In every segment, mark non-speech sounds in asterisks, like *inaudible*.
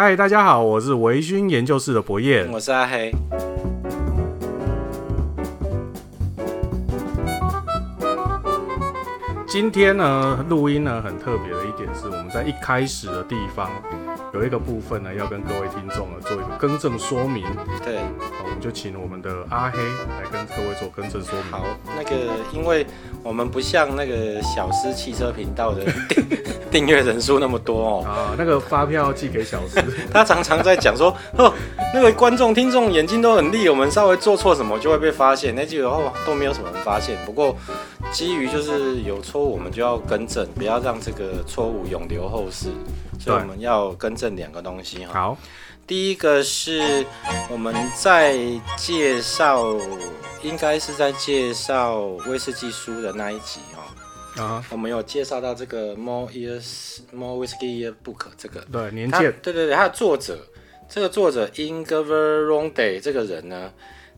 嗨，Hi, 大家好，我是微醺研究室的博彥，我是阿黑。今天呢，錄音呢很特別的一點是，我們在一開始的地方，有一個部分呢，要跟各位聽眾做一個更正說明。對、哦，我們就請我們的阿黑來跟各位做更正說明。好，那個因為我們不像那個小司汽車頻道的訂閱 *laughs* 人數那麼多哦。啊，那個發票寄給小司， *laughs* 他常常在講說， *laughs* 哦，那個觀眾聽眾眼睛都很利，我們稍微做錯什麼就會被發現。那句的話、哦、都沒有什麼人發現，不過。基於就是有錯誤，我們就要更正，不要讓這個錯誤永留後世。所以我們要更正兩個東西哈。好，第一個是我們在介紹，應該是在介紹威士忌書的那一集哦。啊、uh-huh、我們有介紹到這個 More Years More Whisky Year Book 這個對年鑑，對對對，他的作者這個作者 Ingvar Ronde 這個人呢，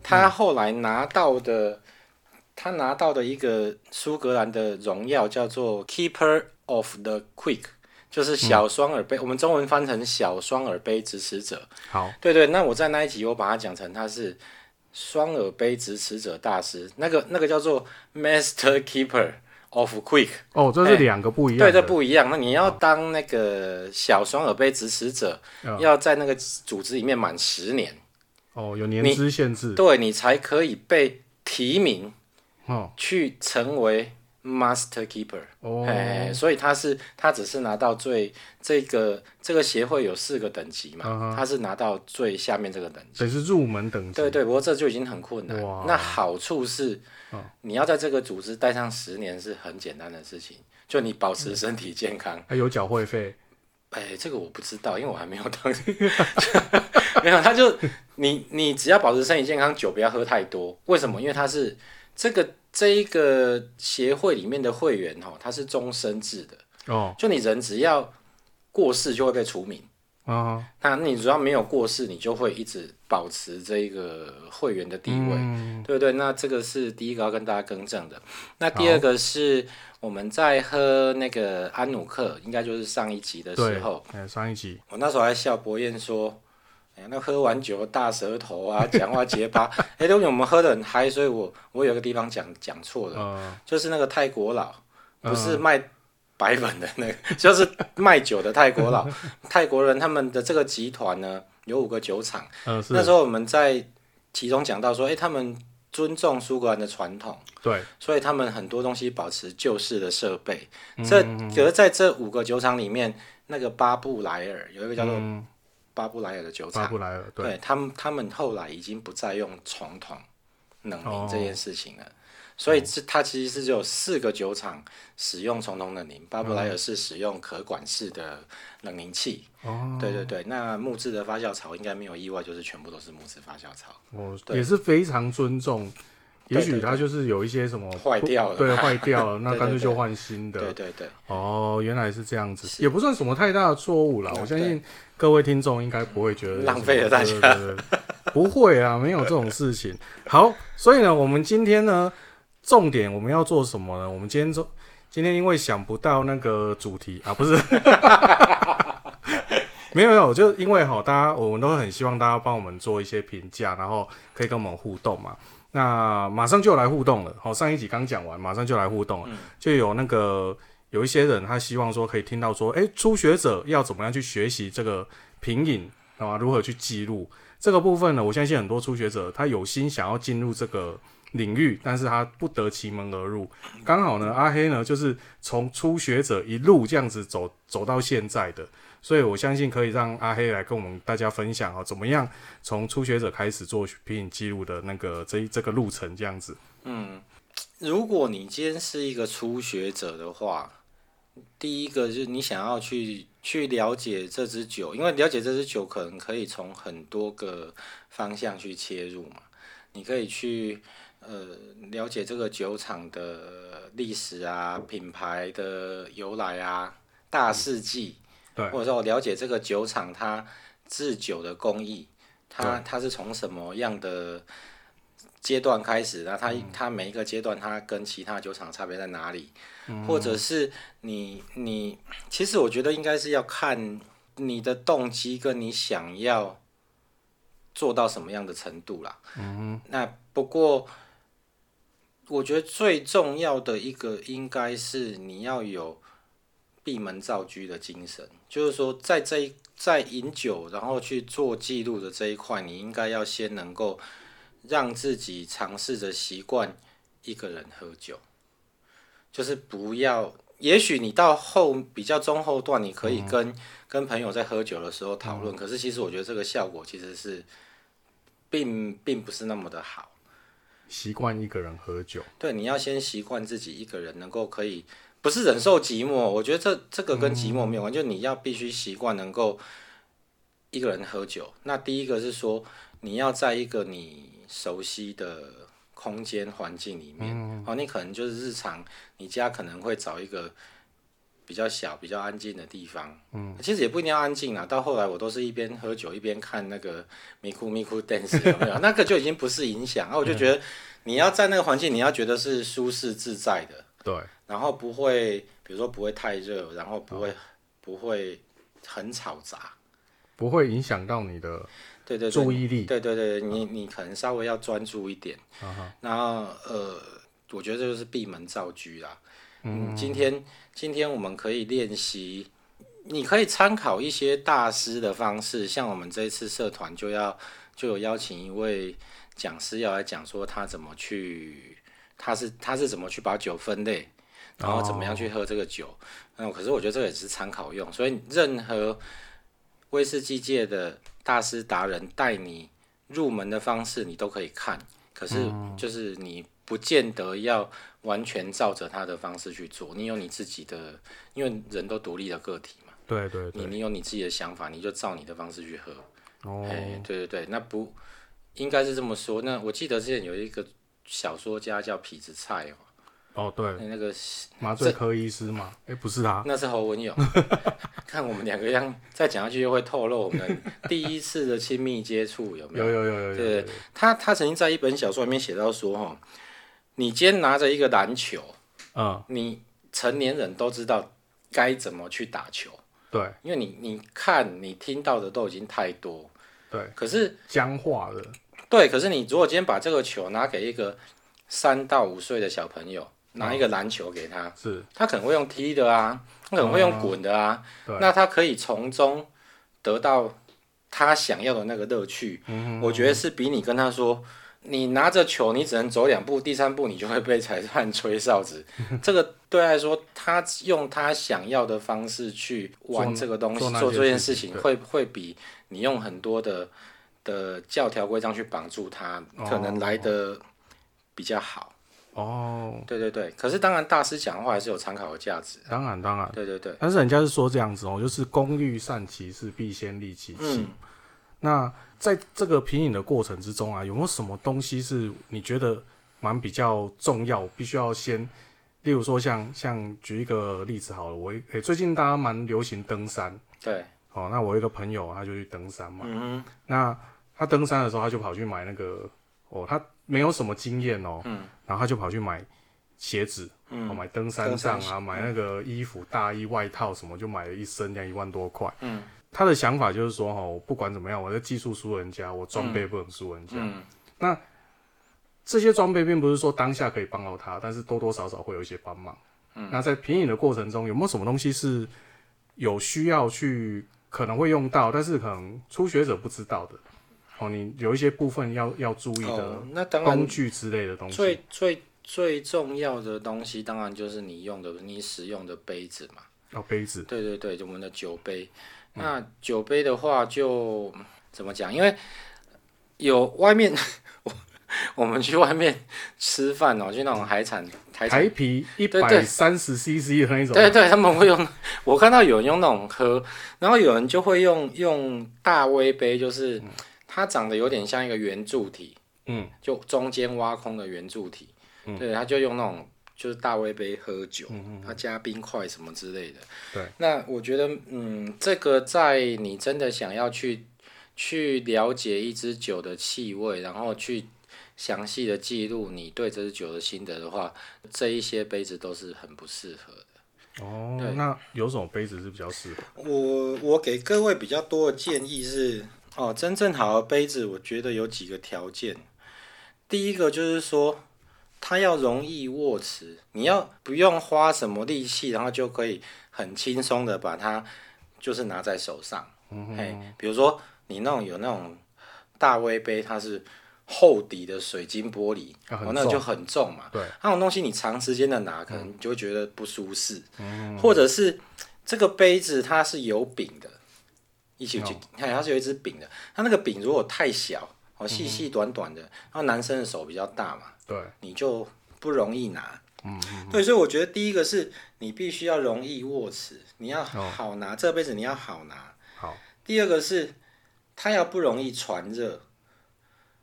他後來拿到的、嗯。他拿到的一個蘇格蘭的榮耀叫做 Keeper of the Quaich，就是小雙耳杯，嗯、我們中文翻成小雙耳杯支持者。好，對，對對，那我在那一集我把它講成他是雙耳杯支持者大師，那個那個叫做 Master Keeper of Quaich。哦，這是兩個不一樣的、欸，對，這不一樣。那你要當那個小雙耳杯支持者，哦、要在那個組織裡面滿十年，哦，有年資限制，你對你才可以被提名。去成為 Master Keeper，哎、oh. 欸，所以他是他只是拿到最這個這個協會有四個等級嘛，uh huh. 他是拿到最下面這個等級，所以是入門等級。對對，不過這就已經很困難。Wow. 那好處是，oh. 你要在這個組織待上十年是很簡單的事情，就你保持身體健康，嗯、還有繳會費。哎、欸，這個我不知道，因為我還沒有當。 *laughs* *laughs* 沒有，他就你你只要保持身體健康，酒不要喝太多。為什麼？因為他是這個。這一個協會裡面的會員哈、哦，它是終身制的哦。就你人只要過世就會被除名、哦、哈那你只要沒有過世，你就會一直保持這一個會員的地位，嗯、對不對？那這個是第一個要跟大家更正的。那第二個是我們在喝那個安努克，應該就是上一集的時候。對，嗯、上一集。我那時候還笑博彥說。那喝完酒，大舌頭啊，講話結巴。哎、 *laughs* 欸，因為我們喝得很嗨，所以我我有個地方講講錯了，嗯、就是那個泰國佬，不是賣白粉的那個，嗯、就是賣酒的泰國佬。 *laughs* 泰國人他們的這個集團呢，有五個酒廠。嗯、那時候我們在其中講到說，哎、欸，他們尊重蘇格蘭的傳統，對，所以他們很多東西保持舊式的設備。這得、嗯嗯嗯、在這五個酒廠裡面，那個巴布萊爾有一個叫做、嗯。巴布萊爾的酒廠，巴布萊爾，對，對他們，他們後來已經不再用蟲桶冷凝這件事情了，哦哦所以它、嗯、其實是只有四個酒廠使用蟲桶冷凝，巴布萊爾是使用殼管式的冷凝器。嗯、對對對，那木質的發酵槽應該沒有意外，就是全部都是木質發酵槽。哦、對也是非常尊重。也許它就是有一些什麼壞掉了，對，壞掉了，那乾脆就換新的。對對對。哦，原來是這樣子，對對對也不算什麼太大的錯誤啦。是我相信各位聽眾應該不會覺得對對對浪費了大家，不會啊，沒有這種事情。好，所以呢，我們今天呢，重點我們要做什麼呢？我們今天做，今天因為想不到那個主題啊，不是。 *laughs* 沒有沒有，就因為齁，大家我們都很希望大家幫我們做一些評價，然後可以跟我們互動嘛。那馬上就來互動了，好，上一集剛講完，馬上就來互動了。就有那個有一些人他希望說可以聽到說，誒，初學者要怎麼樣去學習這個品飲，那麼如何去記錄這個部分呢？我相信很多初學者他有心想要進入這個領域，但是他不得其門而入。剛好呢，阿黑呢就是從初學者一路這樣子走走到現在的。所以，我相信可以讓阿黑來跟我們大家分享哦、啊，怎麼樣從初學者開始做品飲記錄的那個這一這個路程這樣子。嗯，如果你今天是一個初學者的話，第一個就是你想要去去了解這支酒，因為了解這支酒可能可以從很多個方向去切入嘛。你可以去呃了解這個酒廠的歷史啊、品牌的由來啊、大事記。嗯對或者說我了解這個酒廠，它製酒的工藝，它對它是從什麼樣的階段開始，然後它、嗯、它每一個階段，它跟其他酒廠差別在哪裡？或者是你你，其實我覺得應該是要看你的動機跟你想要做到什麼樣的程度啦。嗯哼，那不過我覺得最重要的一個應該是你要有。閉門造車的精神，就是說，在這一在飲酒然後去做記錄的這一塊，你應該要先能夠讓自己嘗試着習慣一個人喝酒，就是不要。也許你到後比較中後段，你可以跟，嗯，跟朋友在喝酒的時候討論，嗯，可是其實我覺得這個效果其實是並並不是那麼的好。習慣一個人喝酒，對，你要先習慣自己一個人能夠可以。不是忍受寂寞，我覺得這這個跟寂寞沒有關，嗯嗯，就你要必須習慣能夠一個人喝酒。那第一個是說，你要在一個你熟悉的空間環境裡面，哦、嗯嗯，你可能就是日常，你家可能會找一個比較小、比較安靜的地方。嗯，其實也不一定要安靜啦，到後來我都是一邊喝酒一邊看那個《咪咕咪咕 dance》，有沒有？那個就已經不是影響 *laughs* 啊。我就覺得你要在那個環境，你要覺得是舒適自在的。對，然後不會，比如說不會太熱，然後不會，哦、不會很吵雜，不會影響到你的對對注意力對對對，對對對，嗯、你你可能稍微要專注一點，嗯、然後呃，我覺得這就是閉門造車啦。嗯哼，今天今天我們可以練習，你可以參考一些大師的方式，像我們這一次社團就要就有邀請一位講師要來講說他怎麼去。他是他是怎麼去把酒分類，然後怎麼樣去喝這個酒？Oh. 嗯，可是我覺得這個也是參考用，所以任何威士忌界的大師達人帶你入門的方式，你都可以看。可是就是你不見得要完全照着他的方式去做，你有你自己的，因為人都獨立的個體嘛。對，對對，你你有你自己的想法，你就照你的方式去喝。誒、oh. 欸，對對對，那不應該是這麼說。那我記得之前有一個。小說家叫痞子蔡哦，對，那個麻醉科醫師嘛，哎不是他，那是侯文詠。看我們兩個樣，再講下去就會透露我們第一次的親密接觸有沒有？有有有對，他，他曾經在一本小說裡面寫到說哈，你今天拿着一個籃球，你成年人都知道該怎麼去打球，對，因為你你看你聽到的都已經太多，對，可是僵化了。對，可是你如果今天把這個球拿給一個三到五歲的小朋友，拿一個籃球給他，嗯、是他可能會用踢的啊，他可能會用滾的啊，嗯嗯、那他可以從中得到他想要的那個樂趣。嗯嗯、我覺得是比你跟他說，嗯、你拿着球，你只能走兩步，第三步你就會被裁判吹哨子， *laughs* 這個對他來說，他用他想要的方式去玩做這個東西，做這件事情會，會對會比你用很多的。的教條規章去綁住他，可能來得比較好哦。Oh. Oh. 對對對，可是當然，大師講的話還是有參考的價值。當然，當然，對對對。但是人家是說這樣子哦、喔，就是工欲善其事，必先利其器。嗯、那在這個品飲的過程之中啊，有沒有什麼東西是你覺得蠻比較重要，必須要先？例如說像，像像舉一個例子好了，我、欸、最近大家蠻流行登山，對。哦、喔，那我一個朋友，他就去登山嘛。嗯、哼那他登山的時候，他就跑去買那個哦、喔，他沒有什麼經驗哦、喔。嗯。然後他就跑去買鞋子，嗯、喔，買登山杖啊，山啊，買那個衣服、大衣、外套什麼，就買了一身，這樣一萬多塊。嗯。他的想法就是說，哦、喔，不管怎麼樣，我的技術輸人家，我裝備不能輸人家。嗯。那這些裝備並不是說當下可以幫到他，但是多多少少會有一些幫忙。嗯。那在品飲的過程中，有沒有什麼東西是有需要去？可能會用到，但是可能初學者不知道的，哦，你有一些部分要要注意的工具之類的東西。哦、最最最重要的東西，當然就是你用的、你使用的杯子嘛。哦，杯子。對對對，就我們的酒杯。嗯、那酒杯的話就，就怎麼講？因為有外面。 *laughs* *laughs* 我們去外面吃飯哦、喔，就那種海產，海產台啤一百三十 CC 的那種。對，對對，他們會用，我看到有人用那種喝，然後有人就會用用大威杯，就是它長得有點像一個圓柱體，嗯，就中間挖空的圓柱體。嗯、對，他就用那種就是大威杯喝酒，他、嗯、加冰塊什麼之類的。對，那我覺得，嗯，這個在你真的想要去去了解一支酒的氣味，然後去。詳細的記錄你對這支酒的心得的話，這一些杯子都是很不適合的。哦，對那有什麼杯子是比較適合？我我給各位比較多的建議是，哦，真正好的杯子，我覺得有幾個條件。第一個就是說，它要容易握持，你要不用花什麼力氣，然後就可以很輕鬆的把它就是拿在手上。嗯哼嘿，比如說你那種有那種大 V 杯，它是。厚底的水晶玻璃，那就很重嘛。那種東西你長時間的拿，可能就會覺得不舒適。或者是這個杯子它是有柄的，一起去看它是有一只柄的。它那個柄如果太小，哦，細細短短的，然後男生的手比較大嘛，對，你就不容易拿。對，所以我覺得第一個是你必須要容易握持，你要好拿這杯子，你要好拿。好，第二個是它要不容易傳熱。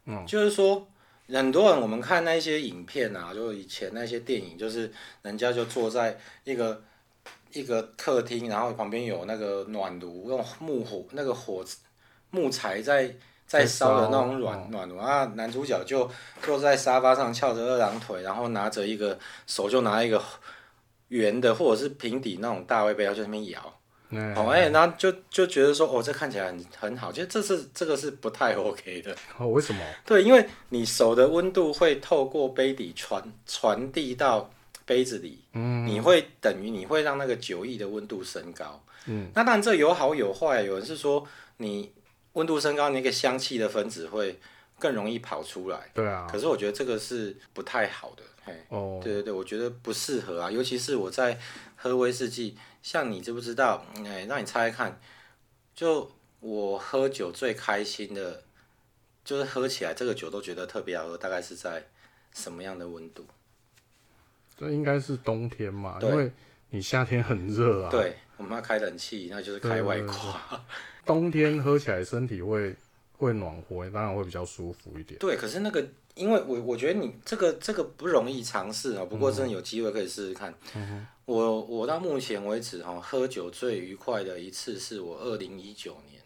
嗯，就是說，很多人我們看那些影片啊，就以前那些電影，就是人家就坐在一個一個客廳，然後旁邊有那個暖爐，用木火那個火木材在在燒的那種、嗯、暖暖爐啊，男主角就坐在沙發上翹着二郎腿，然後拿着一個手就拿一個圓的或者是平底那種大威杯，然後在那邊搖。好，哎、嗯，那、oh, hey, 就就覺得說，哦，這看起來很很好，其實這是這個是不太 OK 的。哦，為什麼？對，因為你手的溫度會透過杯底傳傳遞到杯子裡，嗯，嗯，你會等於你會讓那個酒液的溫度升高，嗯，那當然這有好有壞、啊，有人是說你溫度升高，那個香氣的分子會。更容易跑出來，對啊。可是我覺得這個是不太好的，哎，哦、對對對，我覺得不適合啊。尤其是我在喝威士忌，像你知不知道？哎，讓你猜猜看，就我喝酒最開心的，就是喝起來這個酒都覺得特別好喝，大概是在什麼樣的溫度？這應該是冬天嘛，對因為你夏天很熱啊。對，我們要開冷氣，那就是開外掛。對對對對，冬天喝起來身體會。 *laughs* 會暖和，當然會比較舒服一點。對，可是那個，因為我我覺得你這個這個不容易嘗試啊。不過真的有機會可以試試看。嗯哼。我我到目前為止哈、喔，喝酒最愉快的一次是我二零一九年，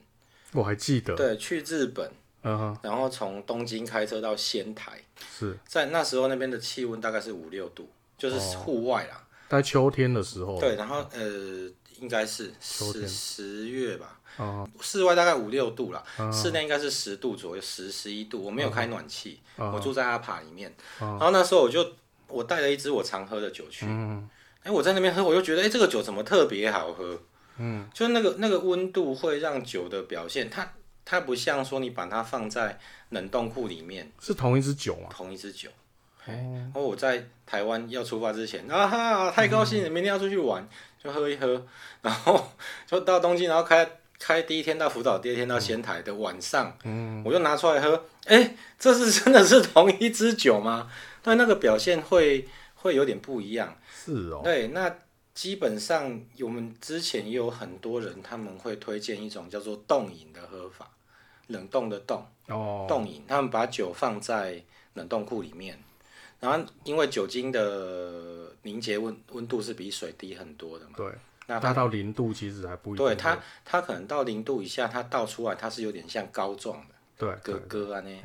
我還記得。對，去日本，嗯哼，然後從東京開車到仙台，是在那時候那邊的氣溫大概是五六度，就是戶外啦，在、哦、秋天的時候。對，然後呃，應該是十十月吧。室外大概五六度啦，嗯、室內應該是十度左右，十十一度。我沒有開暖氣，嗯、我住在阿帕裡面。嗯、然後那時候我就我帶了一支我常喝的酒去，哎、嗯，我在那邊喝，我就覺得哎，這個酒怎麼特別好喝？嗯，就是那個那個溫度會讓酒的表現，它它不像說你把它放在冷凍庫裡面。是同一支酒啊，同一支酒。嗯、然後我在台灣要出發之前，啊哈，太高興了，嗯、明天要出去玩，就喝一喝，然後就到東京，然後開。開第一天到福島，第二天到仙台的晚上，嗯嗯、我就拿出來喝，哎、欸，這是真的是同一支酒嗎？但那，那個表現會會有點不一樣，是哦。對，那基本上我們之前也有很多人，他們會推薦一種叫做凍飲的喝法，冷凍的凍，哦，凍飲，他們把酒放在冷凍庫裡面，然後因為酒精的凝結溫溫度是比水低很多的嘛，對。那它到零度其實還不對，它它可能到零度以下，它倒出來它是有點像膏狀的，對，哥哥啊呢。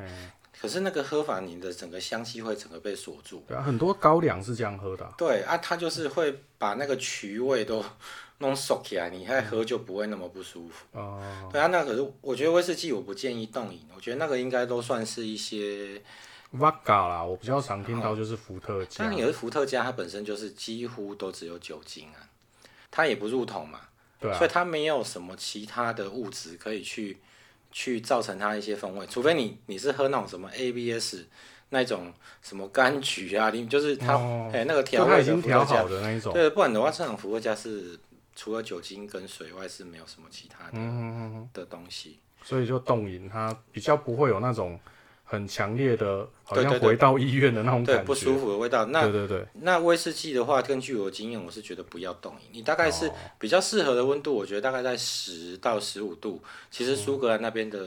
可是那個喝法，你的整個香氣會整個被鎖住。對，很多高粱是這樣喝的。對啊，它、啊、就是會把那個麴味都弄鎖起來，你再喝就不會那麼不舒服。嗯、哦，對啊，那可、個、是我覺得威士忌我不建議凍飲，我覺得那個應該都算是一些 Vodka 啦，我比較常聽到就是伏特加。但有的伏特加它本身就是幾乎都只有酒精啊。它也不入桶嘛，對、啊，所以它沒有什麼其他的物質可以去去造成它一些風味，除非你你是喝那種什麼 ABS 那種什麼柑橘啊，你就是它哎、哦哦、那個調味的伏特加的那一種，對，不然的話這種伏特加是除了酒精跟水外是沒有什麼其他的、嗯、哼哼的東西，所以就凍飲它比較不會有那種。很強烈的，好像回到醫院的那種感覺，對對對對，不舒服的味道。那對對對，那威士忌的話，根據我的經驗，我是覺得不要凍飲。你大概是比較適合的溫度，哦、我覺得大概在十到十五度。其實蘇格蘭那邊的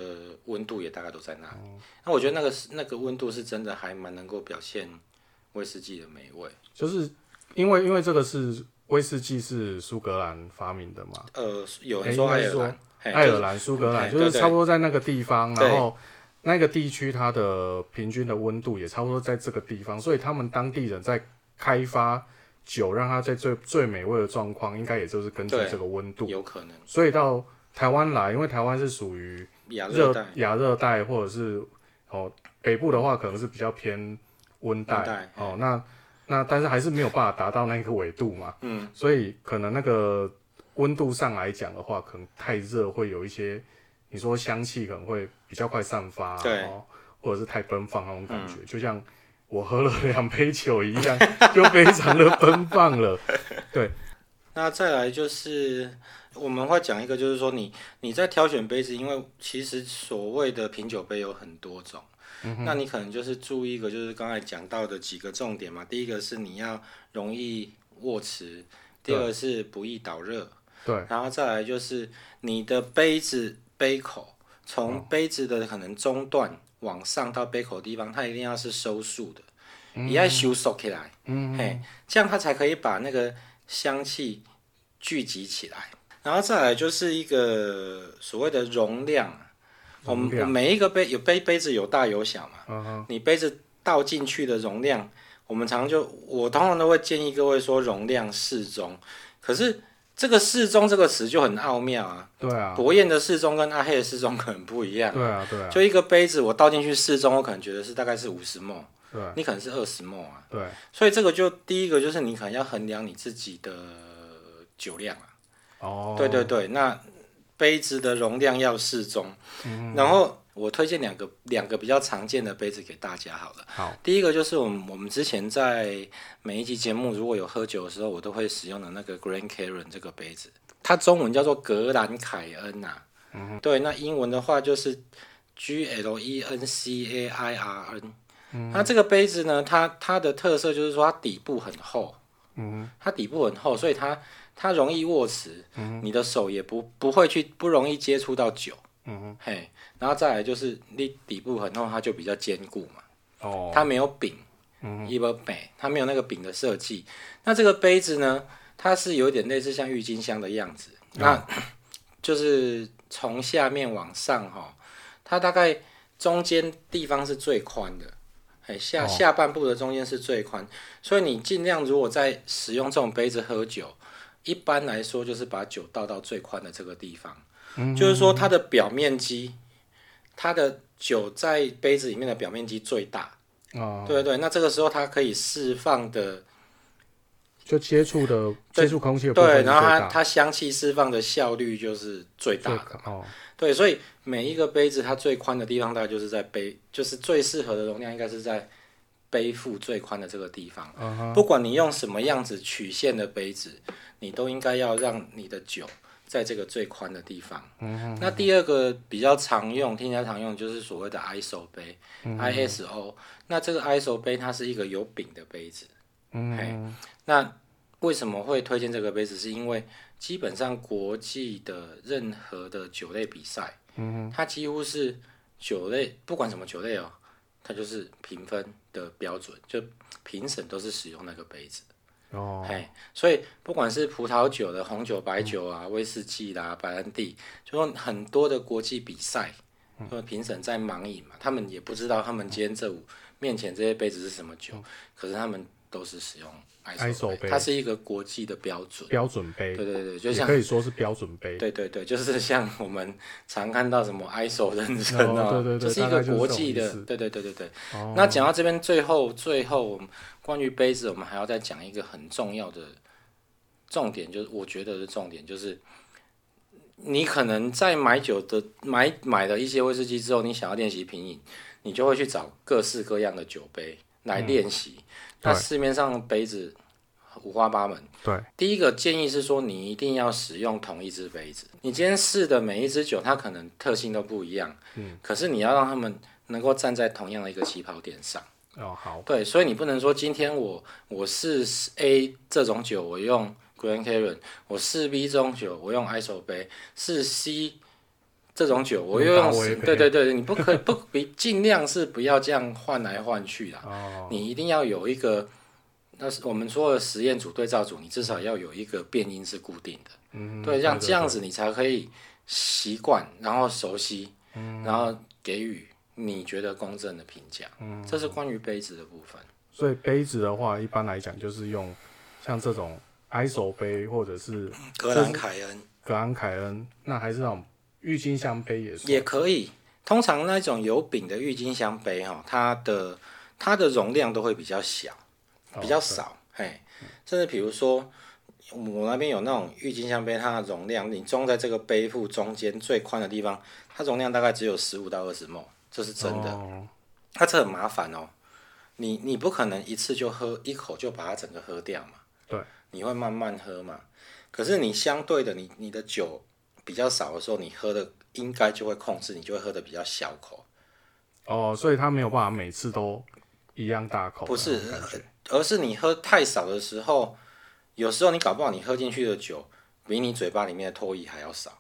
溫度也大概都在那裡。嗯、那我覺得那個那個溫度是真的還蠻能夠表現威士忌的美味。就是因為因為這個是威士忌是蘇格蘭發明的嘛？呃，有人說愛爾蘭，愛爾蘭蘇格蘭就是差不多在那個地方，對然後。那個地區它的平均的溫度也差不多在這個地方，所以他們當地人在開發酒，讓它在最最美味的狀況，應該也就是根據這個溫度，有可能。所以到台灣來，因為台灣是屬於亞熱帶，亞熱帶或者是哦北部的話，可能是比較偏溫帶帶哦。那那但是還是沒有辦法達到那個緯度嘛， *laughs* 嗯，所以可能那個溫度上來講的話，可能太熱會有一些。你說香氣可能會比較快散發，啊，對，或者是太奔放那種感覺，嗯、就像我喝了兩杯酒一樣， *laughs* 就非常的奔放了。 *laughs* 對，那再來就是我們會講一個，就是說你你在挑選杯子，因為其實所謂的品酒杯有很多種，嗯、哼那你可能就是注意一個，就是剛才講到的幾個重點嘛。第一個是你要容易握持，第二個是不易導熱，對，然後再來就是你的杯子。杯口從杯子的可能中段往上到杯口的地方，哦、它一定要是收束的，你、嗯嗯、要收縮起來，嗯嗯嘿，這樣它才可以把那個香氣聚集起來。然後再來就是一個所謂的容量，容量我們每一個杯有杯杯子有大有小嘛，嗯、哼你杯子倒進去的容量，我們常常就我通常都會建議各位說容量適中，可是。這個適中這個詞就很奧妙啊，對啊，伯彥的適中跟阿黑的適中可能不一樣、啊對啊，對啊對，就一個杯子，我倒進去適中，我可能覺得是大概是五十 ml，對，你可能是二十 ml 啊，對，所以這個就第一個就是你可能要衡量你自己的酒量啊，對，對對對，那杯子的容量要適中，嗯嗯，然後。我推薦兩個兩個比較常見的杯子給大家好了。好，第一個就是我們我們之前在每一集節目，如果有喝酒的時候，我都會使用的那個 Glencairn 這個杯子，它中文叫做格蘭凱恩啊。嗯、哼對，那英文的話就是 G L E N C A I R N。嗯，那這個杯子呢，它它的特色就是說它底部很厚。嗯、哼它底部很厚，所以它它容易握持，嗯、哼你的手也不不會去不容易接觸到酒。嗯哼，嘿。然後再來就是你底部很厚，它就比較堅固嘛。Oh. 它沒有柄，嗯、mm，沒、hmm. 它沒有那個柄的設計。那這個杯子呢，它是有點類似像鬱金香的樣子。Mm hmm. 那就是從下面往上哈、哦，它大概中間地方是最寬的，哎、下下半部的中間是最寬。Oh. 所以你盡量如果在使用這種杯子喝酒，一般來說就是把酒倒到最寬的這個地方。Mm hmm. 就是說它的表面積。它的酒在杯子裡面的表面積最大。哦、對對，那這個時候它可以釋放的，就接觸的對接觸空氣對，然後它它香氣釋放的效率就是最大的最哦，對，所以每一個杯子它最寬的地方大概就是在杯，就是最適合的容量應該是在杯腹最寬的這個地方。嗯、哼不管你用什麼樣子曲線的杯子，你都應該要讓你的酒。在這個最寬的地方。嗯、哼那第二個比較常用，添加常用就是所謂的 ISO 杯、嗯、哼，ISO。那這個 ISO 杯它是一個有柄的杯子。嗯、哼 Hey, 那為什麼會推薦這個杯子？是因為基本上國際的任何的酒類比賽，嗯、哼它幾乎是酒類，不管什麼酒類哦，它就是評分的標準，就評審都是使用那個杯子。哦，嘿，oh. hey, 所以不管是葡萄酒的紅酒、白酒啊，嗯、威士忌啦、啊、白蘭地，就說很多的國際比賽，因為評審在盲飲嘛，他們也不知道他們今天這五、嗯、面前這些杯子是什麼酒，嗯、可是他們都是使用。ISO 杯，它是一個國際的標準標準杯，對對對，就像可以說是標準杯，對對對，就是像我們常看到什麼 ISO 認證啊、哦，oh, 對對對，這是一個國際的，對對對對對。Oh. 那講到這邊，最後最後，關於杯子，我們還要再講一個很重要的重點，就是我覺得的重點就是，你可能在買酒的買買了一些威士忌之後，你想要練習品飲，你就會去找各式各樣的酒杯來練習。嗯那市面上的杯子，對五花八門。對，第一個建議是說，你一定要使用同一只杯子。你今天試的每一支酒，它可能特性都不一樣。嗯，可是你要讓他們能夠站在同樣的一個起跑點上。哦，好。對，所以你不能說今天我我試 A 這種酒，我用 Glencairn，我試 B 這種酒，我用 ISO 杯；試 C。這種酒，我又用對對對，你不可以不比，盡量是不要這樣換來換去的。 *laughs* 你一定要有一個。那是我們說的實驗組、對照組，你至少要有一個變因是固定的。嗯，對，這樣這樣子你才可以習慣，然後熟悉，嗯、然後給予你覺得公正的評價。嗯，這是關於杯子的部分。所以杯子的話，一般來講就是用像這種 ISO 杯，或者是格蘭凱恩、格蘭凱恩，恩，那還是那種。鬱金香杯也是也可以，通常那種有柄的鬱金香杯哈、喔，它的它的容量都會比較小，比較少，哦、嘿。甚至比如說，我那邊有那種鬱金香杯，它的容量，你裝在這個杯腹中間最寬的地方，它容量大概只有十五到二十 ml，這是真的。哦、它這很麻煩哦、喔，你你不可能一次就喝一口就把它整個喝掉嘛，對，你會慢慢喝嘛。可是你相對的，你你的酒。比較少的時候，你喝的應該就會控制，你就會喝的比較小口。哦，所以他沒有辦法每次都一樣大口。不是，感覺，而是你喝太少的時候，有時候你搞不好你喝進去的酒比你嘴巴裡面的唾液還要少。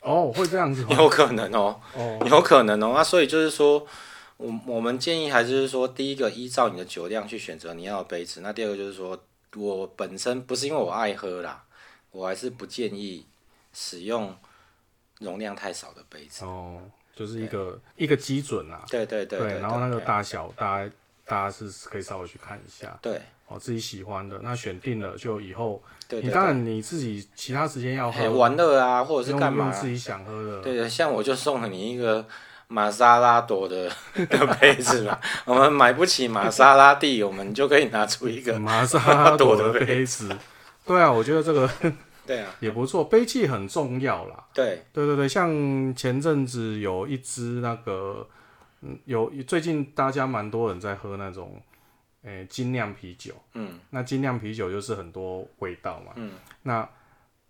哦，會這樣子？ *laughs* 有可能、喔、哦，有可能哦、喔。那、啊、所以就是說，我我們建議還是就是說，第一個依照你的酒量去選擇你要的杯子。那第二個就是說，我本身不是因為我愛喝啦，我還是不建議。使用容量太少的杯子哦，就是一個一個基準啊，對對對然後那個大小大家大家是可以稍微去看一下，對哦，自己喜歡的那選定了就以後，對你當然你自己其他時間要喝玩樂啊，或者是幹嘛自己想喝的，對對，像我就送了你一個瑪莎拉朵的的杯子嘛，我們買不起瑪莎拉蒂，我們就可以拿出一個瑪莎拉朵的杯子，對啊，我覺得這個。對啊，也不錯，嗯、杯器很重要啦。對，對對對，像前陣子有一支那個，嗯，有最近大家蠻多人在喝那種，誒，精釀啤酒。嗯，那精釀啤酒就是很多味道嘛。嗯，那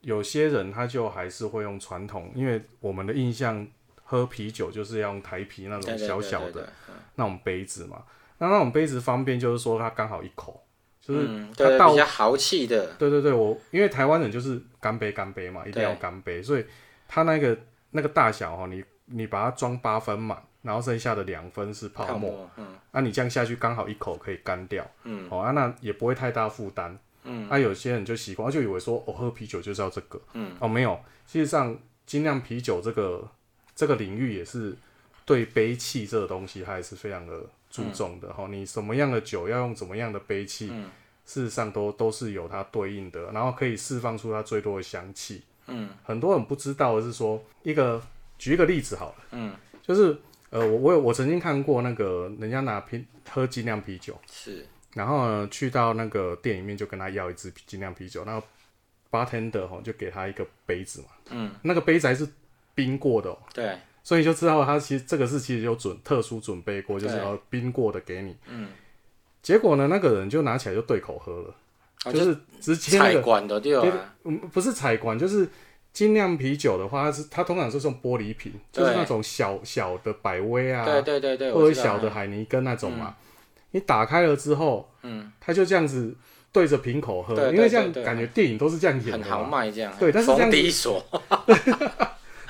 有些人他就還是會用傳統，因為我們的印象喝啤酒就是要用台啤那種小小的那種杯子嘛。那那種杯子方便，就是說它剛好一口。就是他比較豪氣的，對對對，我因為台灣人就是乾杯乾杯嘛，一定要乾杯，所以他那個那個大小哈，你你把它裝八分滿，然後剩下的兩分是泡沫，嗯，那你這樣下去剛好一口可以乾掉，嗯，好啊，啊，那也不會太大負擔，嗯，那有些人就習慣，就以為說我、哦、喝啤酒就是要這個，嗯，哦沒有，事實上精釀啤酒這個這個領域也是對杯器這個東西，它也是非常的。嗯、注重的齁，你什麼樣的酒要用什麼樣的杯器，嗯、事實上都都是有它對應的，然後可以釋放出它最多的香氣。嗯，很多人不知道的是說，一個舉一個例子好了，嗯，就是呃我我有我曾經看過那個人家拿瓶喝精釀啤酒是，然後呢去到那個店裡面就跟他要一支精釀啤酒，然後 bartender 齁就給他一個杯子嘛，嗯，那個杯子還是冰過的，喔，對。所以就知道他其實這個是其實就准特殊準備過，就是要冰過的給你。嗯。結果呢，那個人就拿起來就對口喝了，就是直接的。采管的對。嗯，不是采管，就是精釀啤酒的話，它是它通常是用玻璃瓶，就是那種小小的百威啊，對對對對，或者小的海尼根那種嘛。你打開了之後，嗯，他就這樣子對着瓶口喝，因為這樣感覺電影都是這樣演的，豪邁這樣。對，但是這樣低俗。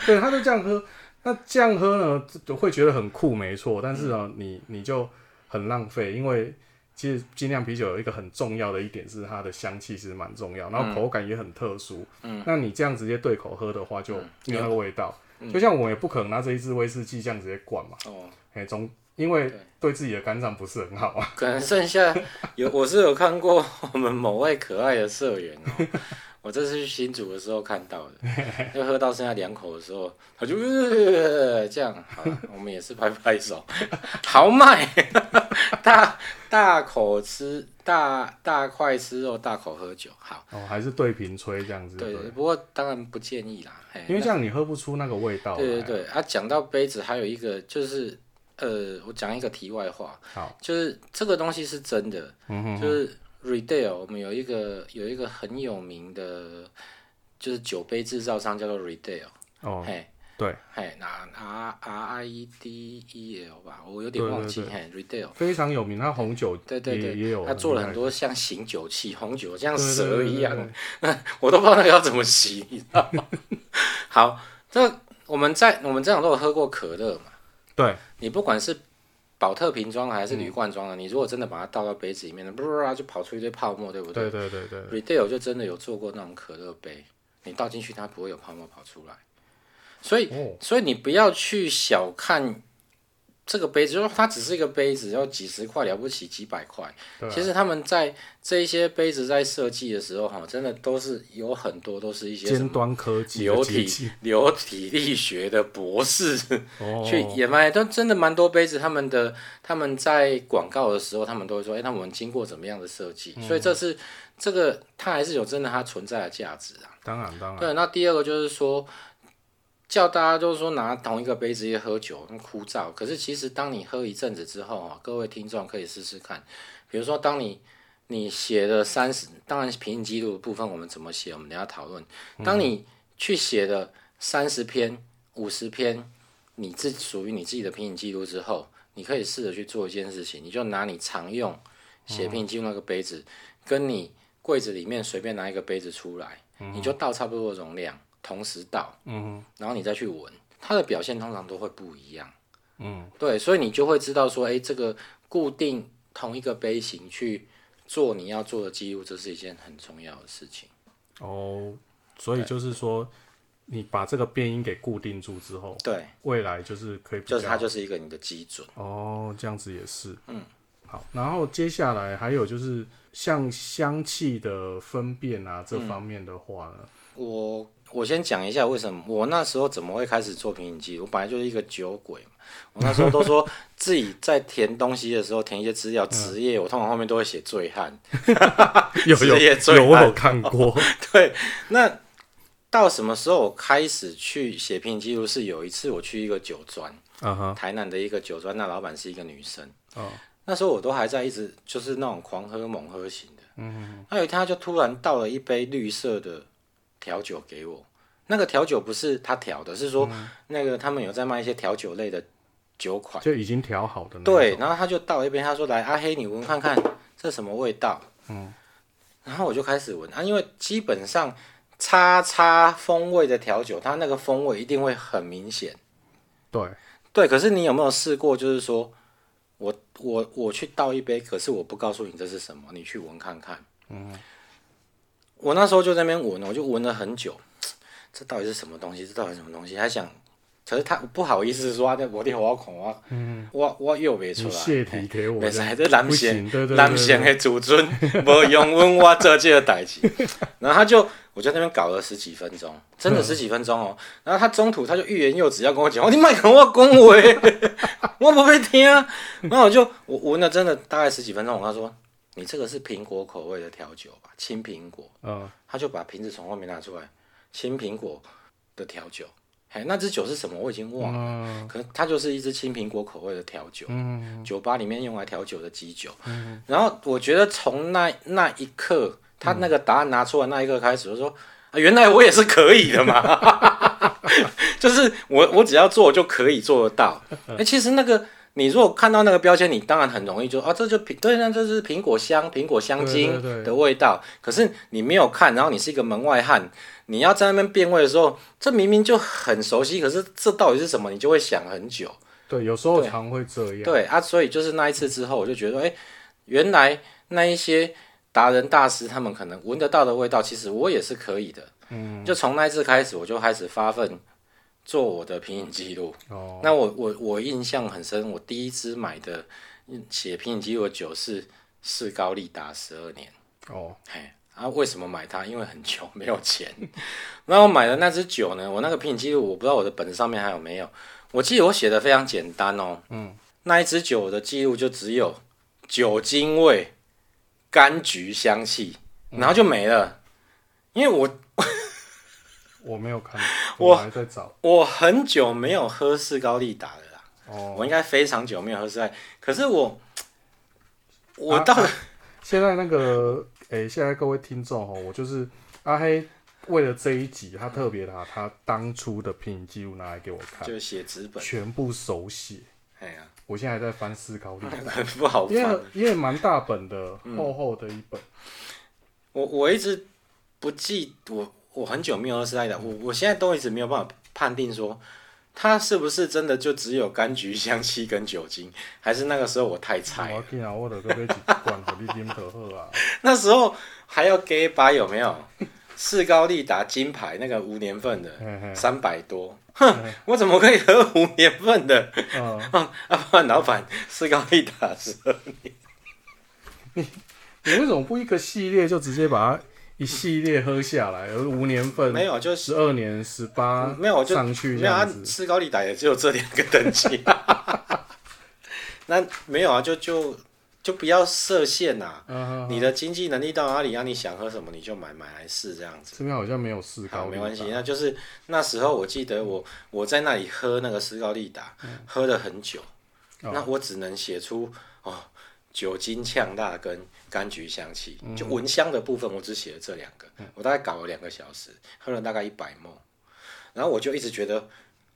對，他就這樣喝。那這樣喝呢，就會覺得很酷，沒錯。但是呢，你你就很浪費，因為其實精釀啤酒有一個很重要的一點是它的香氣其實蠻重要，然後口感也很特殊。嗯、那你這樣直接對口喝的話，就沒有那個味道。嗯嗯、就像我也不可能拿這一支威士忌這樣直接灌嘛。哦，從。因為對自己的肝臟不是很好啊，可能剩下有我是有看過我們某位可愛的社員，我這次去新竹的時候看到的，就喝到剩下兩口的時候，他就這樣好了，我們也是拍拍手，豪邁，大大口吃，大大塊吃肉，大口喝酒，好，哦，還是對瓶吹這樣子，對，不過當然不建議啦，因為這樣你喝不出那個味道，對對對啊，講到杯子還有一個就是。呃，我講一個題外話，好，就是這個東西是真的，就是 Riedel，我們有一個有一個很有名的，就是酒杯制造商，叫做 Riedel，哦，嘿，對，嘿，那 R R I D E L 吧，我有點忘記，嘿，Riedel 非常有名，他紅酒對對對也有，他做了很多像醒酒器，紅酒像蛇一樣，我都不知道要怎麼洗，你知道嗎？好，這我們在我們這場都有喝過可樂嘛。對你不管是寶特瓶裝還是鋁罐裝的，嗯、你如果真的把它倒到杯子裡面呢，啵、呃、它就跑出一堆泡沫，對不對？對對對對對 Riedel 就真的有做過那種可樂杯，你倒進去它不會有泡沫跑出來，所以、哦、所以你不要去小看。這個杯子就是它，只是一個杯子，要幾十塊了不起，幾百塊。啊、其實他們在這一些杯子在設計的時候，哈，真的都是有很多，都是一些尖端科技，流體流體力學的博士 *laughs* 去研發。但真的蠻多杯子，他們的他們在廣告的時候，他們都會說：“哎，那我們經過怎麼樣的設計？”嗯、所以這是這個它還是有真的它存在的價值啊。當然，當然。對，那第二個就是說。叫大家就是說拿同一個杯子去喝酒，很枯燥。可是其實當你喝一陣子之後啊，各位聽眾可以試試看，比如說當你你寫的三十，當然是品飲記錄的部分我們怎麼寫，我們等一下討論。當你去寫的三十篇、五十篇，你自屬於你自己的品飲記錄之後，你可以試着去做一件事情，你就拿你常用寫品飲記錄那個杯子，跟你櫃子裡面隨便拿一個杯子出來，你就倒差不多的容量。同時到，嗯哼，然後你再去聞它的表現，通常都會不一樣，嗯，對，所以你就會知道說，哎、欸，這個固定同一個杯型去做你要做的記錄，這是一件很重要的事情。哦，所以就是說，對你把這個變因給固定住之後，對，未來就是可以比較，就是它就是一個你的基準。哦，這樣子也是，嗯，好。然後接下來還有就是像香氣的分辨啊這方面的話呢，嗯、我。我先講一下為什麼我那時候怎麼會開始做品飲記錄？我本來就是一個酒鬼嘛，我那時候都說自己在填東西的時候，填一些資料、嗯、職業，我通常後面都會寫醉漢。嗯、 *laughs* 最有有有我有看過？哦、對，那到什麼時候我開始去寫品飲記錄？是有一次我去一個酒莊，嗯、台南的一個酒莊，那老闆是一個女生。嗯、那時候我都還在一直就是那種狂喝猛喝型的。嗯，那有一天他就突然倒了一杯綠色的調酒給我，那個調酒不是他調的，是說、嗯、那個他們有在賣一些調酒類的酒款，就已經調好的。對，然後他就倒一杯，他說：“來，阿黑，你聞看看，這是什麼味道？”嗯，然後我就開始聞啊，因為基本上叉叉風味的調酒，它那個風味一定會很明顯。對對，可是你有沒有試過，就是說我我我去倒一杯，可是我不告訴你這是什麼，你去聞看看。嗯。我那時候就在那邊聞，我就聞了很久，這到底是什麼東西？這到底是什麼東西？他想，可是他不好意思說，我的話孔啊，我我又沒出來，謝謝你給我沒我事，這男生，男生的自尊，不用問我這個的代志。然後他就，我就在那邊搞了十幾分鐘，真的十幾分鐘哦。嗯、然後他中途他就欲言又止，要跟我講話， *laughs* 你麥克風要關我誒， *laughs* 我不會聽、啊。 *laughs* 然後我就我聞了真的大概十幾分鐘，我跟他說。你這個是蘋果口味的調酒吧？青蘋果，哦、他就把瓶子從後面拿出來，青蘋果的調酒，嘿，那支酒是什麼？我已經忘了，嗯、可能它就是一支青蘋果口味的調酒，嗯嗯酒吧裡面用來調酒的基酒，嗯嗯然後我覺得從那那一刻，他那個答案拿出來那一刻開始就說，就說、嗯啊，原來我也是可以的嘛， *laughs* *laughs* 就是我我只要做就可以做得到，嗯欸、其實那個。你如果看到那個標籤，你當然很容易就啊，這就對，那這是蘋果香，蘋果香精的味道。對對對。可是你沒有看，然後你是一個門外漢，你要在那邊辨味的時候，這明明就很熟悉，可是這到底是什麼，你就會想很久。對，有時候常會這樣。對，對啊，所以就是那一次之後，我就覺得，哎，原來那一些達人大師他們可能聞得到的味道，其實我也是可以的。嗯，就從那一次開始，我就開始發奮。做我的品飲記錄哦，那我我我印象很深，我第一支買的寫品飲記錄的酒是士高利達十二年哦，嘿啊，為什麼買它？因為很窮，沒有錢。那我、嗯、買的那支酒呢？我那個品飲記錄，我不知道我的本子上面還有沒有。我記得我寫的非常簡單哦，嗯，那一支酒的記錄就只有酒精味、柑橘香氣，然後就沒了，嗯、因為我。呵呵我沒有看，我還在找。我，我很久沒有喝士高利達了啦。哦，我應該非常久沒有喝士高，可是我，我到了，啊啊、現在那個誒、啊欸，現在各位聽眾哦，我就是阿、啊、黑，為了這一集，他特別拿，他當初的品飲記錄拿來給我看，就寫紙本，全部手寫。哎呀、啊，我現在還在翻士高利達，很 *laughs* 不好意看因為因為蠻大本的，厚厚的一本。嗯、我我一直不記得我。我很久沒有喝四高利達了，我我現在都一直沒有辦法判定說，它是不是真的就只有柑橘香氣跟酒精，還是那個時候我太菜。我天啊！我這個杯子灌可比啊。 *laughs* 那時候還要給八有沒有？四高利達金牌那個五年份的， *laughs* 三百多。哼， *laughs* 我怎麼可以喝五年份的？呃、啊，老闆，呃、四高利達十二年 *laughs* 你你你為什麼不一個系列就直接把一系列喝下來，而無年份沒有，就十二年十八沒有上去，沒有啊，斯高利達也只有這兩個等級。 *laughs* *laughs* 那沒有啊，就就就不要設限啊。啊呵呵，你的經濟能力到哪裡，讓、啊、你想喝什麼你就買買來試這樣子。這邊好像沒有試。好，沒關係，那就是那時候我記得我我在那裡喝那個斯高利達，嗯、喝了很久，哦、那我只能寫出哦，酒精嗆大根。柑橘香氣，就聞香的部分，我只寫了這兩個。嗯、我大概搞了兩個小時，喝了大概一百沫，然後我就一直覺得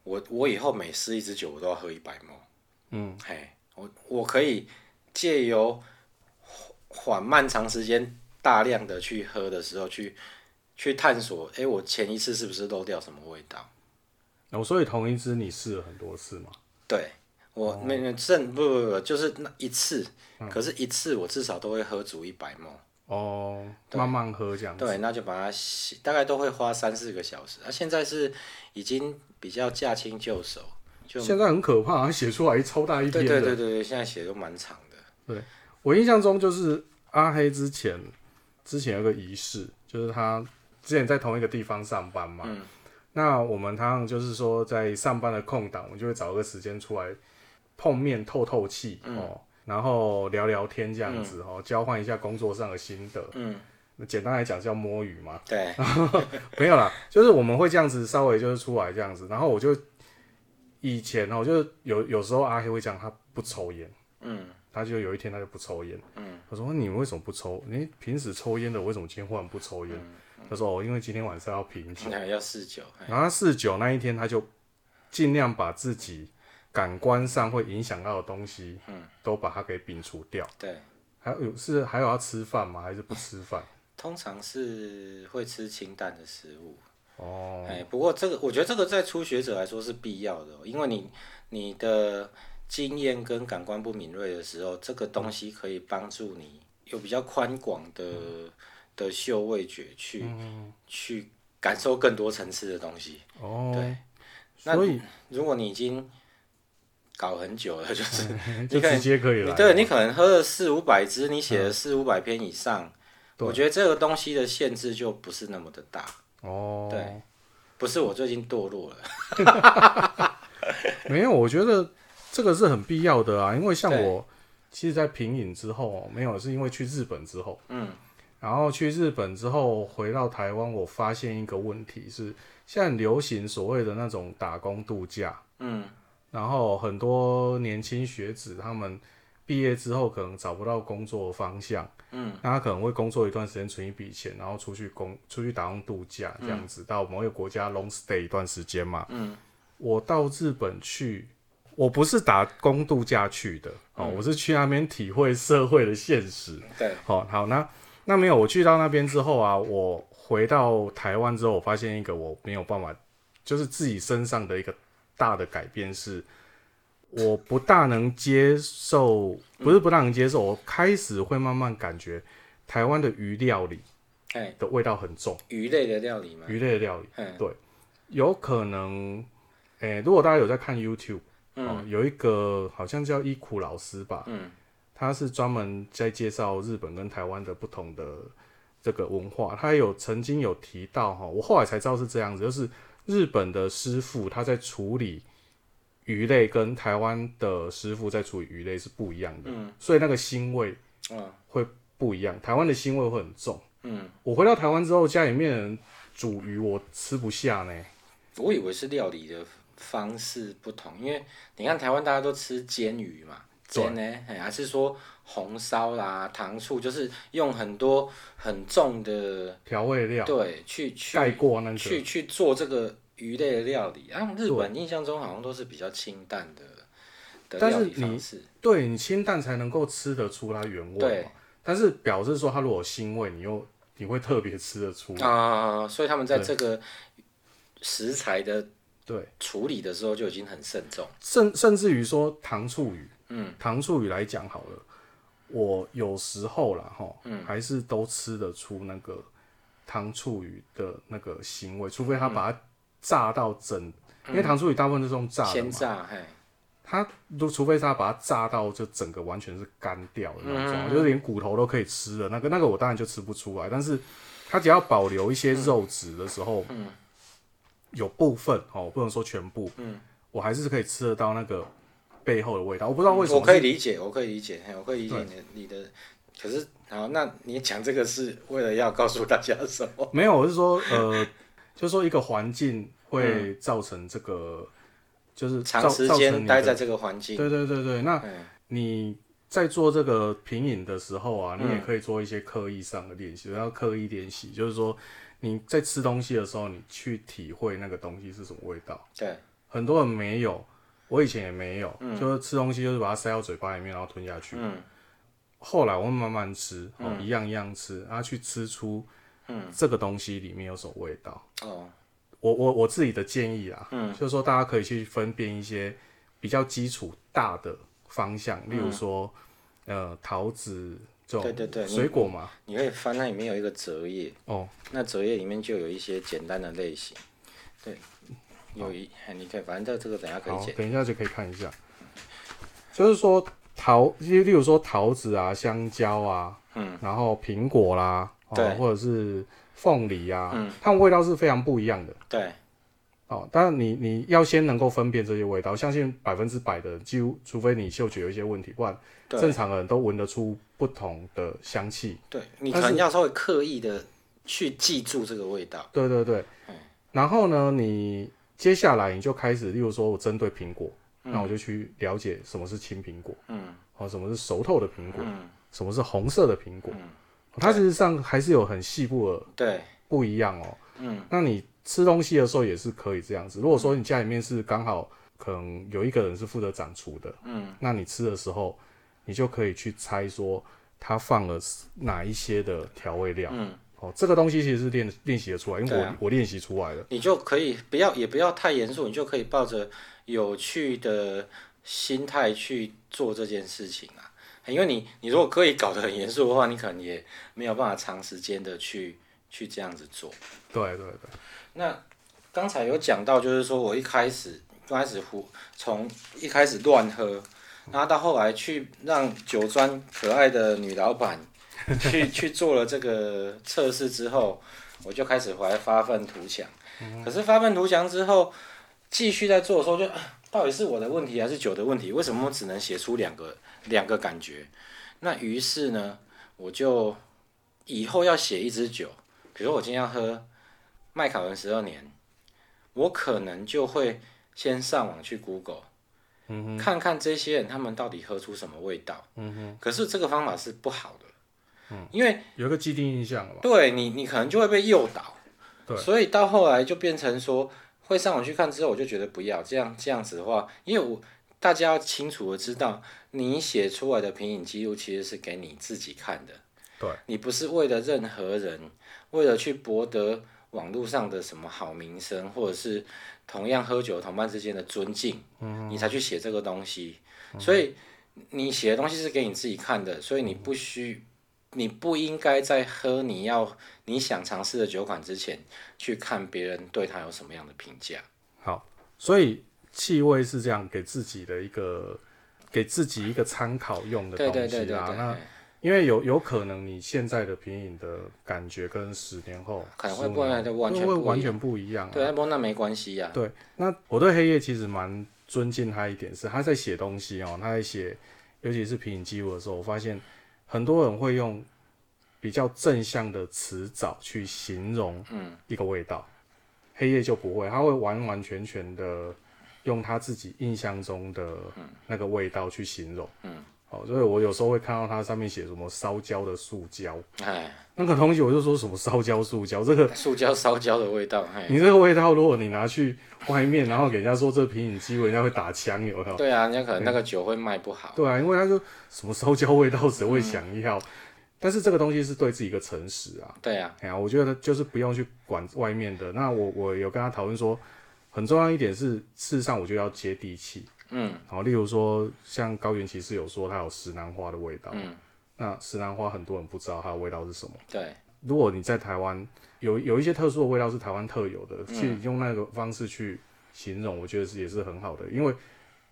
我，我我以後每試一支酒，我都要喝一百沫。嗯，嘿，我我可以借由緩慢、長時間、大量的去喝的時候去，去去探索，哎、欸，我前一次是不是漏掉什麼味道？我、哦、所以同一支你試了很多次嘛？對。我沒正不不不，不，就是那一次，嗯、可是，一次我至少都會喝足一百 ml 哦，對慢慢喝這樣子。對，那就把它寫，大概都會花三四個小時。那、啊、現在是已經比較駕輕就熟，就現在很可怕，寫出來超大一篇。對對對對，現在寫都蠻長的。對，我印象中就是阿黑之前之前有個儀式，就是他之前在同一個地方上班嘛，嗯、那我們他就是說在上班的空檔，我們就會找一個時間出來。碰面透透氣哦，然後聊聊天這樣子哦，交換一下工作上的心得。嗯，簡單來講叫摸魚嘛。對，沒有啦，就是我們會這樣子稍微就是出來這樣子，然後我就以前哦，就有有時候阿黑會講他不抽菸，他就有一天他就不抽菸，他說你為什麼不抽？你平時抽菸的，為什麼今天忽然不抽菸？他說因為今天晚上要品酒，要試酒，然後他試酒那一天他就盡量把自己感官上會影響到的東西，嗯，都把它給摒除掉。對，還有是還有要吃飯嗎？還是不吃飯？通常是會吃清淡的食物。哦，哎，不過這個我覺得這個在初學者來說是必要的，因為你你的經驗跟感官不敏銳的時候，這個東西可以幫助你有比較寬廣的的嗅味覺去、嗯、去感受更多層次的東西。哦，對，那所以如果你已經搞很久了，就是嘿嘿就直接可以了。對，你可能喝了四五百支，你寫了四五百篇以上，嗯、對，我覺得這個東西的限制就不是那麼的大哦。對，不是我最近墮落了， *laughs* *laughs* 沒有，我覺得這個是很必要的啊。因為像我，對其實在品飲之後哦，沒有，是因為去日本之後，嗯，然後去日本之後回到台灣，我發現一個問題是，現在流行所謂的那種打工度假，嗯。然後很多年輕學子，他們畢業之後可能找不到工作的方向，嗯，那他可能會工作一段時間存一筆錢，然後出去工出去打工度假，嗯、這樣子到某一個國家 long stay 一段時間嘛，嗯，我到日本去，我不是打工度假去的，哦，嗯、我是去那邊體會社會的現實，對、嗯，好、哦，好，那那沒有我去到那邊之後啊，我回到台灣之後，我發現一個我沒有辦法，就是自己身上的一個。大的改變是，我不大能接受，不是不大能接受，嗯、我開始會慢慢感覺台灣的魚料理，哎，的味道很重，魚類的料理嘛，魚類的料理，料理欸、對，有可能，哎、欸，如果大家有在看 YouTube、嗯喔、有一個好像叫 Iku 老師吧，嗯，他是專門在介紹日本跟台灣的不同的這個文化，他有曾經有提到哈、喔，我後來才知道是這樣子，就是。日本的師傅他在處理魚類，跟台灣的師傅在處理魚類是不一樣的，嗯，所以那個腥味，嗯，會不一樣。嗯，台灣的腥味會很重，嗯，我回到台灣之後，家裡面煮魚，我吃不下呢。我以為是料理的方式不同，因為你看台灣大家都吃煎魚嘛。煎呢，還對是說紅燒啦、糖醋，就是用很多很重的調味料，對，去去蓋過那個，去去做這個魚類的料理。然、啊、日本印象中好像都是比較清淡的，的料理方式。對，但是你，對你清淡才能夠吃得出它原味嘛。對但是表示說，它如果腥味，你又你會特別吃得出啊。所以他們在這個食材的對處理的時候就已經很慎重，甚甚至於說糖醋魚。嗯，糖醋魚來講好了，我有時候啦哈，嗯、還是都吃得出那個糖醋魚的那個腥味，除非他把它炸到整，嗯、因為糖醋魚大部分都是用炸的嘛，先炸嘿，它都除非是他把它炸到就整個完全是乾掉的那種，嗯啊、就是連骨頭都可以吃的那個那個我當然就吃不出來，但是它只要保留一些肉質的時候，嗯嗯、有部分哦不能說全部，嗯、我還是可以吃得到那個。背後的味道，我不知道為什麼。我可以理解，我可以理解，我可以理解你的，對你的。可是，好，那你講這個是為了要告訴大家什麼？沒有，我是說，呃， *laughs* 就是說一個環境會造成這個，嗯、就是長時間待在這個環境。對對對對，那你在做這個品飲的時候啊，嗯、你也可以做一些刻意上的練習，要刻意練習，就是說你在吃東西的時候，你去體會那個東西是什麼味道。對，很多人沒有。我以前也沒有，嗯、就是吃東西就是把它塞到嘴巴裡面，然後吞下去。嗯、後來我慢慢吃，嗯、一樣一樣吃，然後去吃出，這個東西裡面有什麼味道。哦，我我我自己的建議啊，嗯、就是說大家可以去分辨一些比較基礎大的方向，嗯、例如說、呃，桃子這種對對水果嘛，對對對，你可以翻那裡面有一個折頁，哦，那折頁裡面就有一些簡單的類型，對。有一，你可以，反正在這個等下可以等一下就可以看一下，就是說桃，就例如說桃子啊、香蕉啊，嗯，然後蘋果啦、啊，對，哦，或者是鳳梨啊，嗯，它們味道是非常不一樣的，對，哦，但是你你要先能夠分辨這些味道，相信百分之百的，幾乎，就除非你嗅覺有一些問題，不然正常的人都聞得出不同的香氣，對，你可能要稍微刻意的去記住這個味道，對，對對對，嗯、然後呢，你。接下來你就開始，例如說，我針對蘋果，嗯、那我就去了解什麼是青蘋果，嗯，什麼是熟透的蘋果，嗯、什麼是紅色的蘋果，嗯、它事實上還是有很細部的對不一樣哦、喔，嗯，那你吃東西的時候也是可以這樣子。如果說你家裡面是剛好可能有一個人是負責掌廚的，嗯，那你吃的時候，你就可以去猜說他放了哪一些的調味料，嗯。哦，這個東西其實是練練習的出來，因為我、啊、我練習出來的，你就可以不要也不要太嚴肅，你就可以抱着有趣的心態去做這件事情啊，因為你你如果刻意搞得很嚴肅的話，你可能也沒有辦法長時間的去去這樣子做。對對對。那剛才有講到，就是說我一開始剛開始胡，從一開始亂喝，那到後來去讓酒莊可愛的女老闆。 *laughs* 去去做了這個測試之後，我就開始懷發憤圖強。嗯、哼可是發憤圖強之後，繼續在做的時候就，就、呃、到底是我的問題還是酒的問題？為什麼我只能寫出兩個兩個感覺？那於是呢，我就以後要寫一支酒，比如我今天要喝麥卡倫十二年，我可能就會先上網去 Google，、嗯、哼看看這些人他們到底喝出什麼味道。嗯、哼可是這個方法是不好的。因為有一個既定印象了，對你，你可能就會被誘導，對，所以到後來就變成說會上網去看之後，我就覺得不要這樣這樣子的話，因為我大家要清楚的知道，你寫出來的品飲記錄其實是給你自己看的，對你不是為了任何人，為了去博得網路上的什麼好名聲，或者是同樣喝酒同伴之間的尊敬，嗯、你才去寫這個東西，嗯、所以你寫的東西是給你自己看的，所以你不需、嗯。你不應該在喝你要你想嘗試的酒款之前去看別人對他有什麼樣的評價。好，所以氣味是這樣，給自己的一個給自己一個參考用的東西啦。那因為有有可能你現在的品飲的感覺跟十年後可能會不然就完全不一樣，會不會完全不一樣，啊。對，不過那沒關係呀、啊。對，那我對黑夜其實蠻尊敬他一點是他在寫東西哦、喔，他在寫尤其是品飲紀錄的時候，我發現。很多人會用比較正向的詞藻去形容一個味道，嗯、黑夜就不會，他會完完全全的用他自己印象中的那個味道去形容。嗯嗯哦，所以我有時候會看到它上面寫什麼燒焦的塑膠，哎唉，那個東西我就說什麼燒焦塑膠，這個塑膠燒焦的味道，你這個味道如果你拿去外面，唉然後給人家說這瓶飲機，人家會打槍，有沒有？對啊，人家可能那個酒會賣不好。對啊，因為他說什麼燒焦味道誰會想要，嗯、但是這個東西是對自己一個誠實啊。對啊，哎呀、啊，我覺得就是不用去管外面的。那我我有跟他討論說，很重要一點是，事實上我就要接地氣。嗯，好，例如說像高原騎士有說它有石楠花的味道。嗯，那石楠花很多人不知道它的味道是什麼。對，如果你在台灣有有一些特殊的味道是台灣特有的，去、嗯、用那個方式去形容，我覺得是也是很好的，因為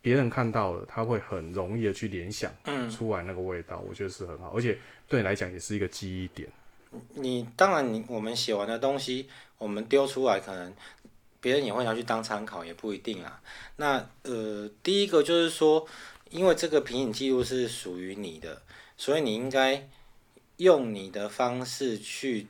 別人看到了，他會很容易的去聯想出來那個味道，嗯、我覺得是很好，而且對你來講也是一個記憶點。你當然你，你我們寫完的東西，我們丟出來可能。別人也會拿去當參考，也不一定啊。那呃，第一個就是說，因為這個品飲記錄是屬於你的，所以你應該用你的方式去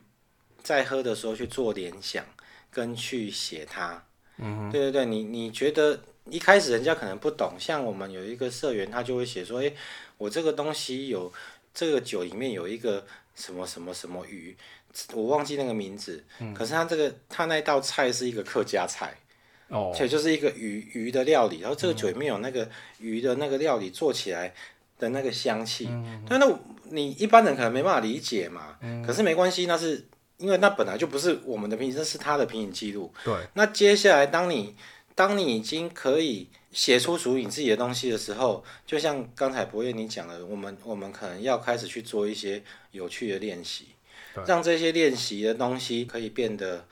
在喝的時候去做聯想，跟去寫它。嗯哼，對對對，你你覺得一開始人家可能不懂，像我們有一個社員，他就會寫說：“誒，我這個東西有這個酒裡面有一個什麼什麼什麼魚。”我忘記那個名字，嗯、可是他這個他那道菜是一個客家菜，哦，且就是一個魚魚的料理，然後這個酒裡面有那個魚的那個料理做起來的那個香氣，但、嗯、那你一般人可能沒辦法理解嘛，嗯、可是沒關係，那是因為那本來就不是我們的品飲，這是他的品飲記錄。對，那接下來當你當你已經可以寫出屬於你自己的東西的時候，就像剛才博彥你講的，我們我們可能要開始去做一些有趣的練習。讓這些練習的東西可以變得，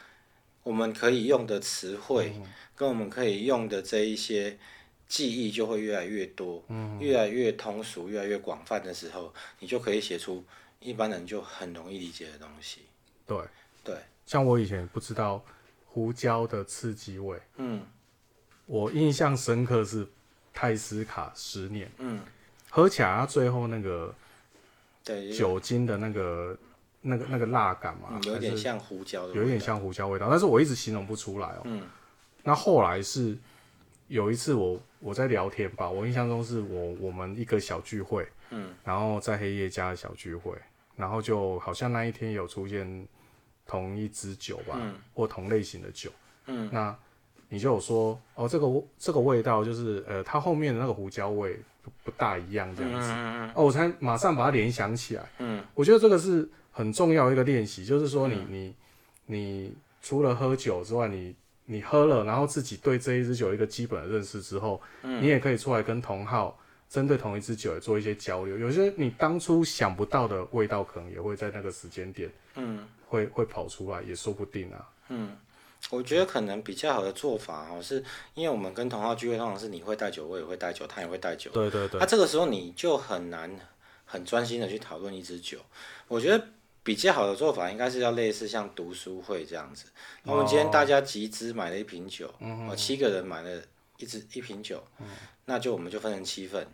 我們可以用的詞彙跟我們可以用的這一些記憶就會越來越多，嗯，越來越通俗，越來越廣泛的時候，你就可以寫出一般人就很容易理解的東西。對對，對像我以前不知道胡椒的刺激味，嗯，我印象深刻是泰斯卡十年，嗯，喝起來它最後那個，對酒精的那個。那個那個辣感嘛，嗯、有點像胡椒的，有點像胡椒味道，但是我一直形容不出來哦、喔。那、嗯、後來是有一次我我在聊天吧，我印象中是我、嗯、我們一個小聚會，嗯、然後在黑夜家的小聚會，然後就好像那一天有出現同一支酒吧、嗯、或同類型的酒，嗯、那你就有說哦，這個這個味道就是呃，它後面的那個胡椒味不，不大一樣這樣子，嗯、哦，我才馬上把它聯想起來，嗯，我覺得這個是。很重要一個練習，就是說你、嗯、你你除了喝酒之外，你你喝了，然後自己對這一支酒一個基本的認識之後，嗯、你也可以出來跟同號針對同一支酒做一些交流。有些你當初想不到的味道，可能也會在那個時間點，嗯，會會跑出來，也說不定啊。嗯，我覺得可能比較好的做法好是因為我們跟同號聚會通常是你會帶酒，我也會帶酒，他也會帶酒，對對對。那、啊、這個時候你就很難很專心的去討論一支酒，我覺得。比較好的做法應該是要類似像讀書會這樣子，我們今天大家集資買了一瓶酒，oh. 哦，七個人買了一支一瓶酒，mm hmm. 那就我們就分成七份，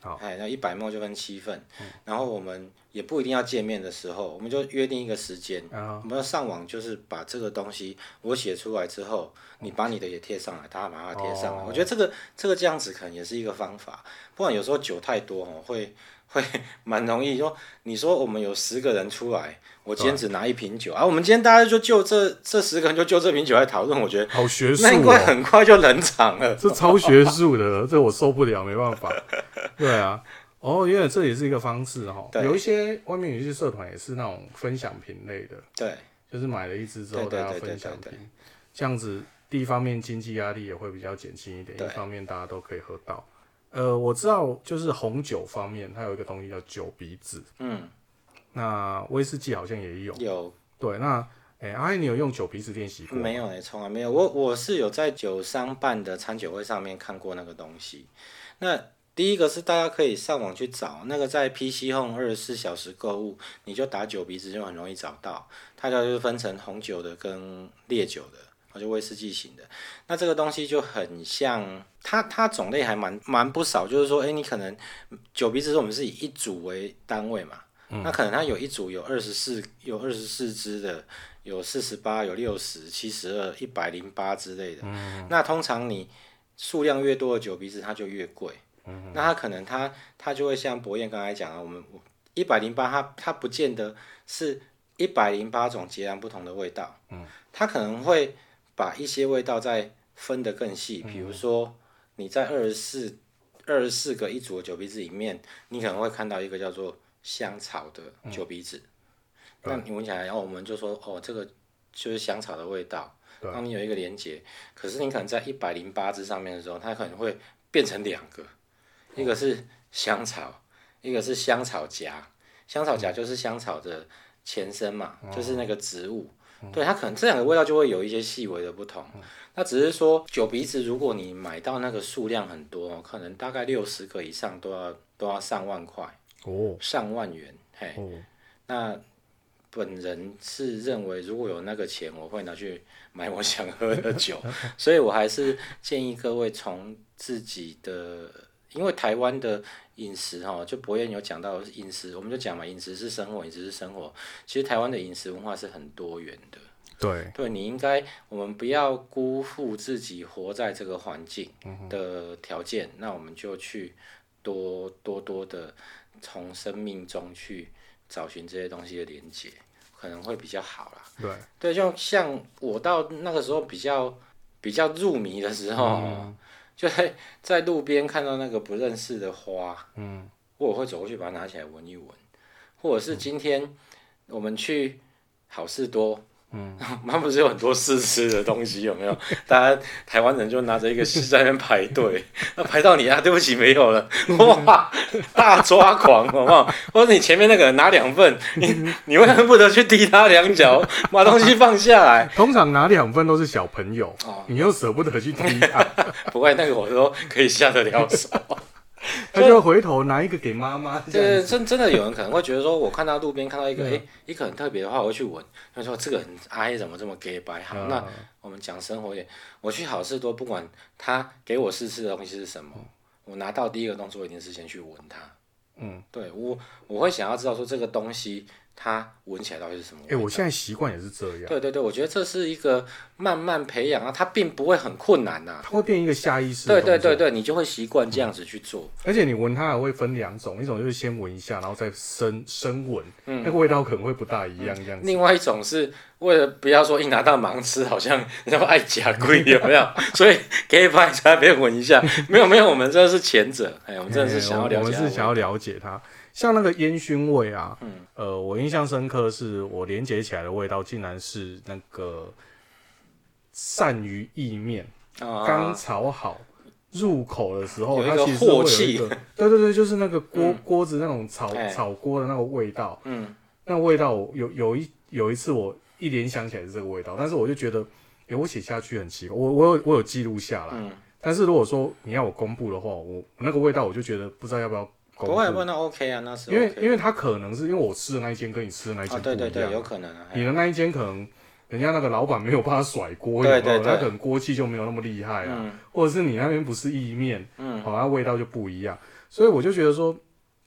好、oh.，那一百 ml 就分七份，oh. 然後我們也不一定要見面的時候，我們就約定一個時間，oh. 我們要上網就是把這個東西我寫出來之後，你把你的也貼上來，他把它貼上來，oh. 我覺得這個這個這樣子可能也是一個方法，不然有時候酒太多哦會。會蠻容易，說你說我們有十個人出來，我今天只拿一瓶酒啊，啊，我們今天大家就就這這十個人就就這瓶酒來討論，我覺得好學術，那應該很快就冷場了，術哦、呵呵這超學術的， *laughs* 這我受不了，沒辦法。 *laughs* 對啊，oh, yeah, 對哦，因為這也是一個方式哈，哦、對有一些外面有一些社團也是那種分享品類的，對，就是買了一支之後大家分享瓶，這樣子第一方面經濟壓力也會比較減輕一點，對一方面大家都可以喝到。呃，我知道，就是紅酒方面，它有一個東西叫酒鼻子。嗯，那威士忌好像也有。有對，那哎、欸，阿姨你有用酒鼻子練習過嗎？沒有哎、欸，從來沒有。我我是有在酒商辦的餐酒會上面看過那個東西。那第一個是大家可以上網去找，那個在 PC Home 二十四小時購物，你就打酒鼻子就很容易找到。它就是分成紅酒的跟烈酒的。就威士忌型的，那這個東西就很像它，它種類還蠻蠻不少。就是說，誒、欸，你可能酒鼻子，是我們是以一組為單位嘛。嗯、那可能它有一組有二十四，有二十四支的，有四十八，有六十、七十二、一百零八之類的。嗯嗯，那通常你數量越多的酒鼻子，它就越貴。嗯嗯，那它可能它它就會像博彥剛才講的，我們一百零八，它它不見得是一百零八種截然不同的味道。嗯、它可能會。把一些味道再分得更細，比如說你在二十四二十四個一組的酒鼻子裡面，你可能會看到一個叫做香草的酒鼻子，那、嗯、你聞起來，然、哦、後我們就說哦，這個就是香草的味道。當、嗯啊、你有一個連接，可是你可能在一百零八支上面的時候，它可能會變成兩個，哦、一個是香草，一個是香草莢。香草莢就是香草的前身嘛，嗯、就是那個植物。對，它可能這兩個味道就會有一些細微的不同，嗯、那只是說酒鼻子，如果你買到那個數量很多，可能大概六十個以上都要都要上萬塊哦，上萬元，嘿，哦、那本人是認為如果有那個錢，我會拿去買我想喝的酒， *laughs* 所以我還是建議各位從自己的，因為台灣的。飲食哈，就博彥有講到飲食，我們就講嘛，飲食是生活，飲食是生活。其實台灣的飲食文化是很多元的。對，對你應該，我們不要辜負自己活在這個環境的條件，嗯、哼那我們就去多多多的從生命中去找尋這些東西的連結，可能會比較好啦。對，對，就像我到那個時候比較比較入迷的時候。嗯就在路邊看到那個不認識的花，嗯，我會走過去把它拿起來聞一聞，或者是今天我們去好事多。嗯，他們不是有很多試吃的東西有沒有？大家台灣人就拿着一個試在那邊排隊，那 *laughs* 排到你啊，對不起沒有了，哇，大抓狂 *laughs* 好不好？或者你前面那個拿兩份，你你會恨不得去踢他兩腳，把東西放下來？ *laughs* 通常拿兩份都是小朋友，哦、你又捨不得去踢他， *laughs* 不過那個我說可以下得了手。他就回頭拿一個給媽媽。這對，真的真的有人可能會覺得說，我看到路邊看到一個，誒， *laughs* 一個很特別的話，我會去聞。他說這個很 I，、啊欸、怎麼這麼 gay 白？好， *laughs* 那我們講生活點，我去好事多，不管他給我試吃的東西是什麼，嗯、我拿到第一個動作一定是先去聞它。嗯，對我我會想要知道說這個東西。它聞起來到底是什麼味？哎、欸，我現在習慣也是這樣。對對對，我覺得這是一個慢慢培養啊，它並不會很困難吶、啊。它會變一個下意識。對對對對，你就會習慣這樣子去做。嗯、而且你聞它還會分兩種，一種就是先聞一下，然後再深深聞，嗯、那個味道可能會不大一樣，樣子。樣、嗯。另外一種是為了不要說一拿到盲吃，好像人家愛假鬼 *laughs* 有沒有？所以可以先在那邊聞一下。 *laughs* 沒有沒有，我們這是前者。哎、欸，我們真的是想要了解。我們是想要了解它。像那個煙燻味啊，嗯，呃，我印象深刻的是我連結起來的味道，竟然是那個鱔魚意麵，剛、啊、炒好入口的時候，它其實是會有一個， *laughs* 對對對，就是那個鍋鍋、嗯、子那種炒、欸、炒鍋的那個味道，嗯，那味道我有有一有一次我一聯想起來是這個味道，但是我就覺得，哎、欸，我寫下去很奇怪，我我有我有記錄下來，嗯、但是如果說你要我公布的話，我那個味道我就覺得不知道要不要。國外那 OK 啊，那是，OK 啊，因為因為他可能是因為我吃的那一間跟你吃的那一間不一樣，啊啊，對對對，有可能，啊、你的那一間可能人家那個老闆沒有辦法甩鍋，對，對對，有有那他可能鍋氣就沒有那麼厲害啊，嗯、或者是你那邊不是意麵，嗯，好、啊，像味道就不一樣。所以我就覺得說，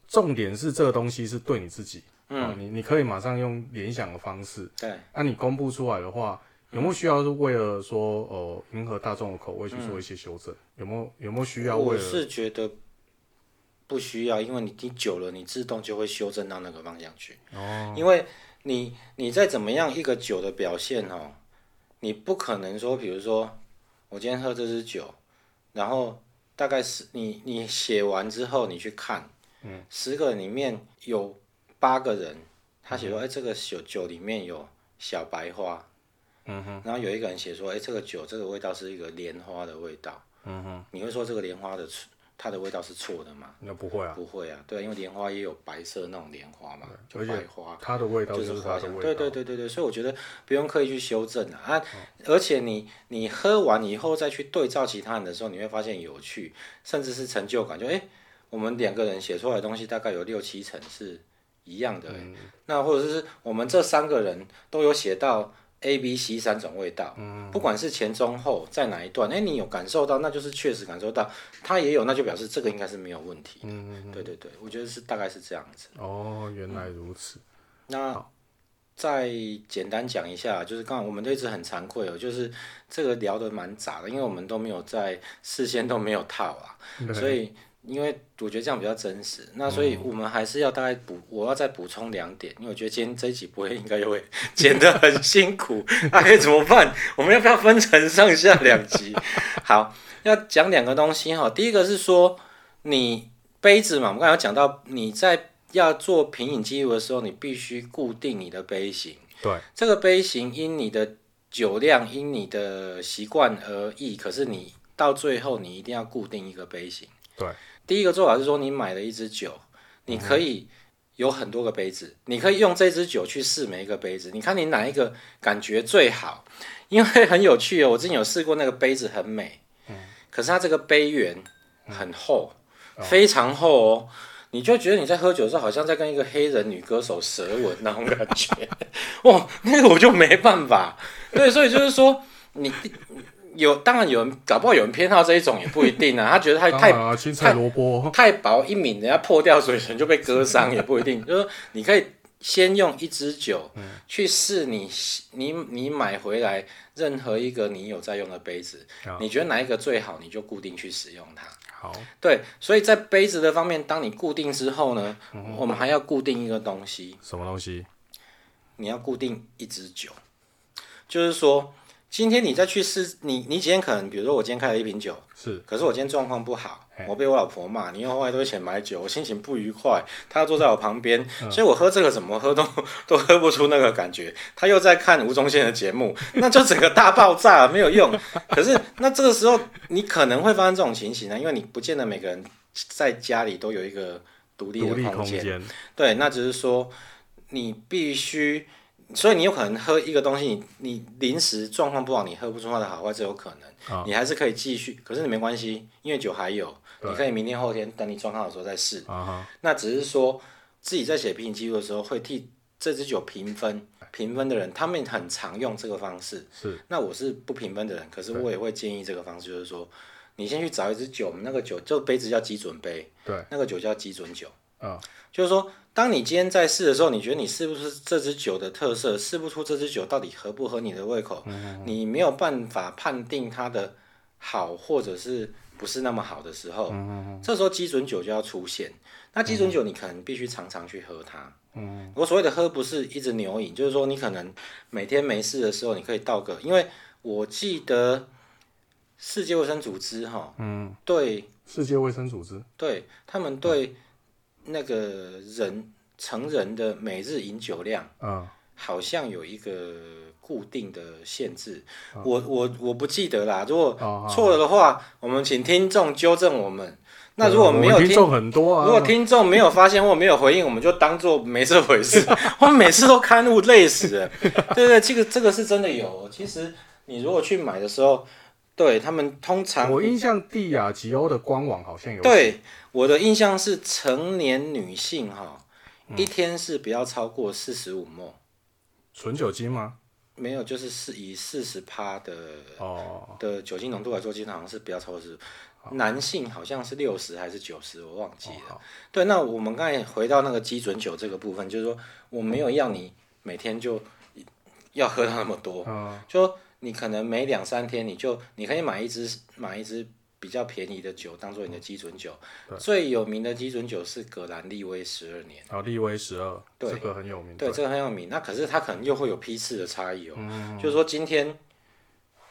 重點是這個東西是對你自己，嗯，啊、你你可以馬上用聯想的方式，對，那、啊、你公布出來的話，有沒有需要是為了說，呃，迎合大眾的口味去做一些修正？嗯、有沒有有沒有需要？我是覺得。不需要，因為你你久了，你自動就會修正到那個方向去。Oh. 因為你你再怎麼樣一個酒的表現哦，你不可能說，比如說我今天喝這支酒，然後大概是你你寫完之後你去看，嗯、mm，hmm. 十個裡面有八個人他寫說，mm hmm. 哎，這個酒酒裡面有小白花，嗯哼、mm，hmm. 然後有一個人寫說，哎，這個酒這個味道是一個蓮花的味道，嗯哼、mm，hmm. 你會說這個蓮花的。它的味道是錯的嗎？那不會啊，不會啊，對，因為蓮花也有白色那種蓮花嘛，就白花，它的味道就是花香，對對對對對，所以我覺得不用刻意去修正啊，哦、而且你你喝完以後再去對照其他人的時候，你會發現有趣，甚至是成就感，就哎，我們兩個人寫出來的東西大概有六七成是一樣的、欸，嗯、那或者是我們這三個人都有寫到。A、B、C 三種味道，不管是前中後在哪一段，嗯哼欸、你有感受到，那就是確實感受到，它也有，那就表示這個應該是沒有問題的。嗯嗯嗯對對對，我覺得是大概是這樣子。哦，原來如此。嗯、那好再簡單講一下，就是剛好我們都一直很慚愧哦，就是這個聊得蠻雜的，因為我們都沒有在事先都沒有套啊，對所以。因為我覺得這樣比較真實，那所以我們還是要大概補，嗯、我要再補充兩點，因為我覺得今天這一集不會應該就會剪得很辛苦，哎、 *laughs* 啊，怎麼辦？ *laughs* 我們要不要分成上下兩集？ *laughs* 好，要講兩個東西哈、哦。第一個是說，你杯子嘛，我們剛才有講到，你在要做品飲記錄的時候，你必須固定你的杯型。對，這個杯型因你的酒量、因你的習慣而異，可是你到最後你一定要固定一個杯型。對。第一個做法是說，你買了一支酒，你可以有很多個杯子，嗯嗯，你可以用這支酒去試每一個杯子，嗯、你看你哪一個感覺最好。因為很有趣哦，我之前有試過那個杯子很美，嗯、可是它這個杯緣很厚，嗯、非常厚哦，哦你就覺得你在喝酒的時候好像在跟一個黑人女歌手舌吻那種感覺， *laughs* 哇，那個我就沒辦法。 *laughs* 對，所以就是說你。有，當然有人，搞不好有人偏好這一種也不一定啊。他覺得他太、啊、太青菜蘿蔔，太薄一抿，人家破掉嘴唇就被割傷也不一定。 *laughs* 就是你可以先用一支酒去試你、嗯、你你買回來任何一個你有在用的杯子，嗯、你覺得哪一個最好，你就固定去使用它。好，對，所以在杯子的方面，當你固定之後呢，嗯、我們還要固定一個東西，什麼東西？你要固定一支酒，就是說。今天你再去試你，你今天可能比如說我今天開了一瓶酒，是，可是我今天狀況不好，我被我老婆罵，嘿你用外多錢買酒，我心情不愉快，他要坐在我旁邊，嗯，所以我喝這個怎麼喝都都喝不出那個感覺。他又在看吳宗憲的節目，那就整個大爆炸了 *laughs* 沒有用。可是那這個時候你可能會發生這種情形呢，因為你不見得每個人在家裡都有一個獨立的空間，空對，那只是說你必須。所以你有可能喝一個東西，你你臨時狀況不好，你喝不出它的好壞，這有可能。哦、你還是可以繼續，可是你沒關係，因為酒還有，對你可以明天後天等你狀況好的時候再試。嗯、哼那只是說自己在寫品飲記錄的時候，會替這支酒評分。評分的人他們很常用這個方式。是那我是不評分的人，可是我也會建議這個方式，對就是說你先去找一支酒，那個酒就杯子叫基準杯，對那個酒叫基準酒。哦、就是說。當你今天在試的時候，你覺得你試不出這支酒的特色，試不出這支酒到底合不合你的胃口，嗯、你沒有辦法判定它的好或者是不是那麼好的時候，嗯嗯、這時候基準酒就要出現。那基準酒你可能必須常常去喝它。嗯、我所謂的喝不是一直牛飲，就是說你可能每天沒事的時候你可以倒個。因為我記得世界衛生組織哈，嗯，對，世界衛生組織，對他們對、嗯。那個人成人的每日飲酒量，嗯、好像有一個固定的限制，嗯、我我我不記得啦。如果錯了的話，哦哦、我們請聽眾糾正我們。嗯、那如果沒有聽眾很多、啊，如果聽眾沒有發現或沒有回應，我們就當做沒這回事。 *laughs* *laughs* 我們每次都勘誤累死了。 *laughs* 對不對，這個這個是真的有。其實你如果去買的時候。對，他們通常，我印象帝亞吉歐的官網好像有。對，我的印象是成年女性哈、喔，嗯、一天是不要超過四十五 ml 純酒精嗎？沒有，就是是以四十趴的哦的酒精濃度來做計算，嗯、好像是不要超過十耶。男性好像是六十還是九十，我忘記了。哦、對，那我們剛才回到那個基準酒這個部分，就是說我沒有要你每天就要喝到那麼多，嗯、就。你可能每兩三天你就你可以買一支買一支比較便宜的酒當做你的基準酒。嗯、對，最有名的基準酒是格蘭利威十二年。啊，利威十二對，這個很有名。對、對，這個很有名。那可是它可能又會有批次的差異哦、喔，嗯嗯，就是說今天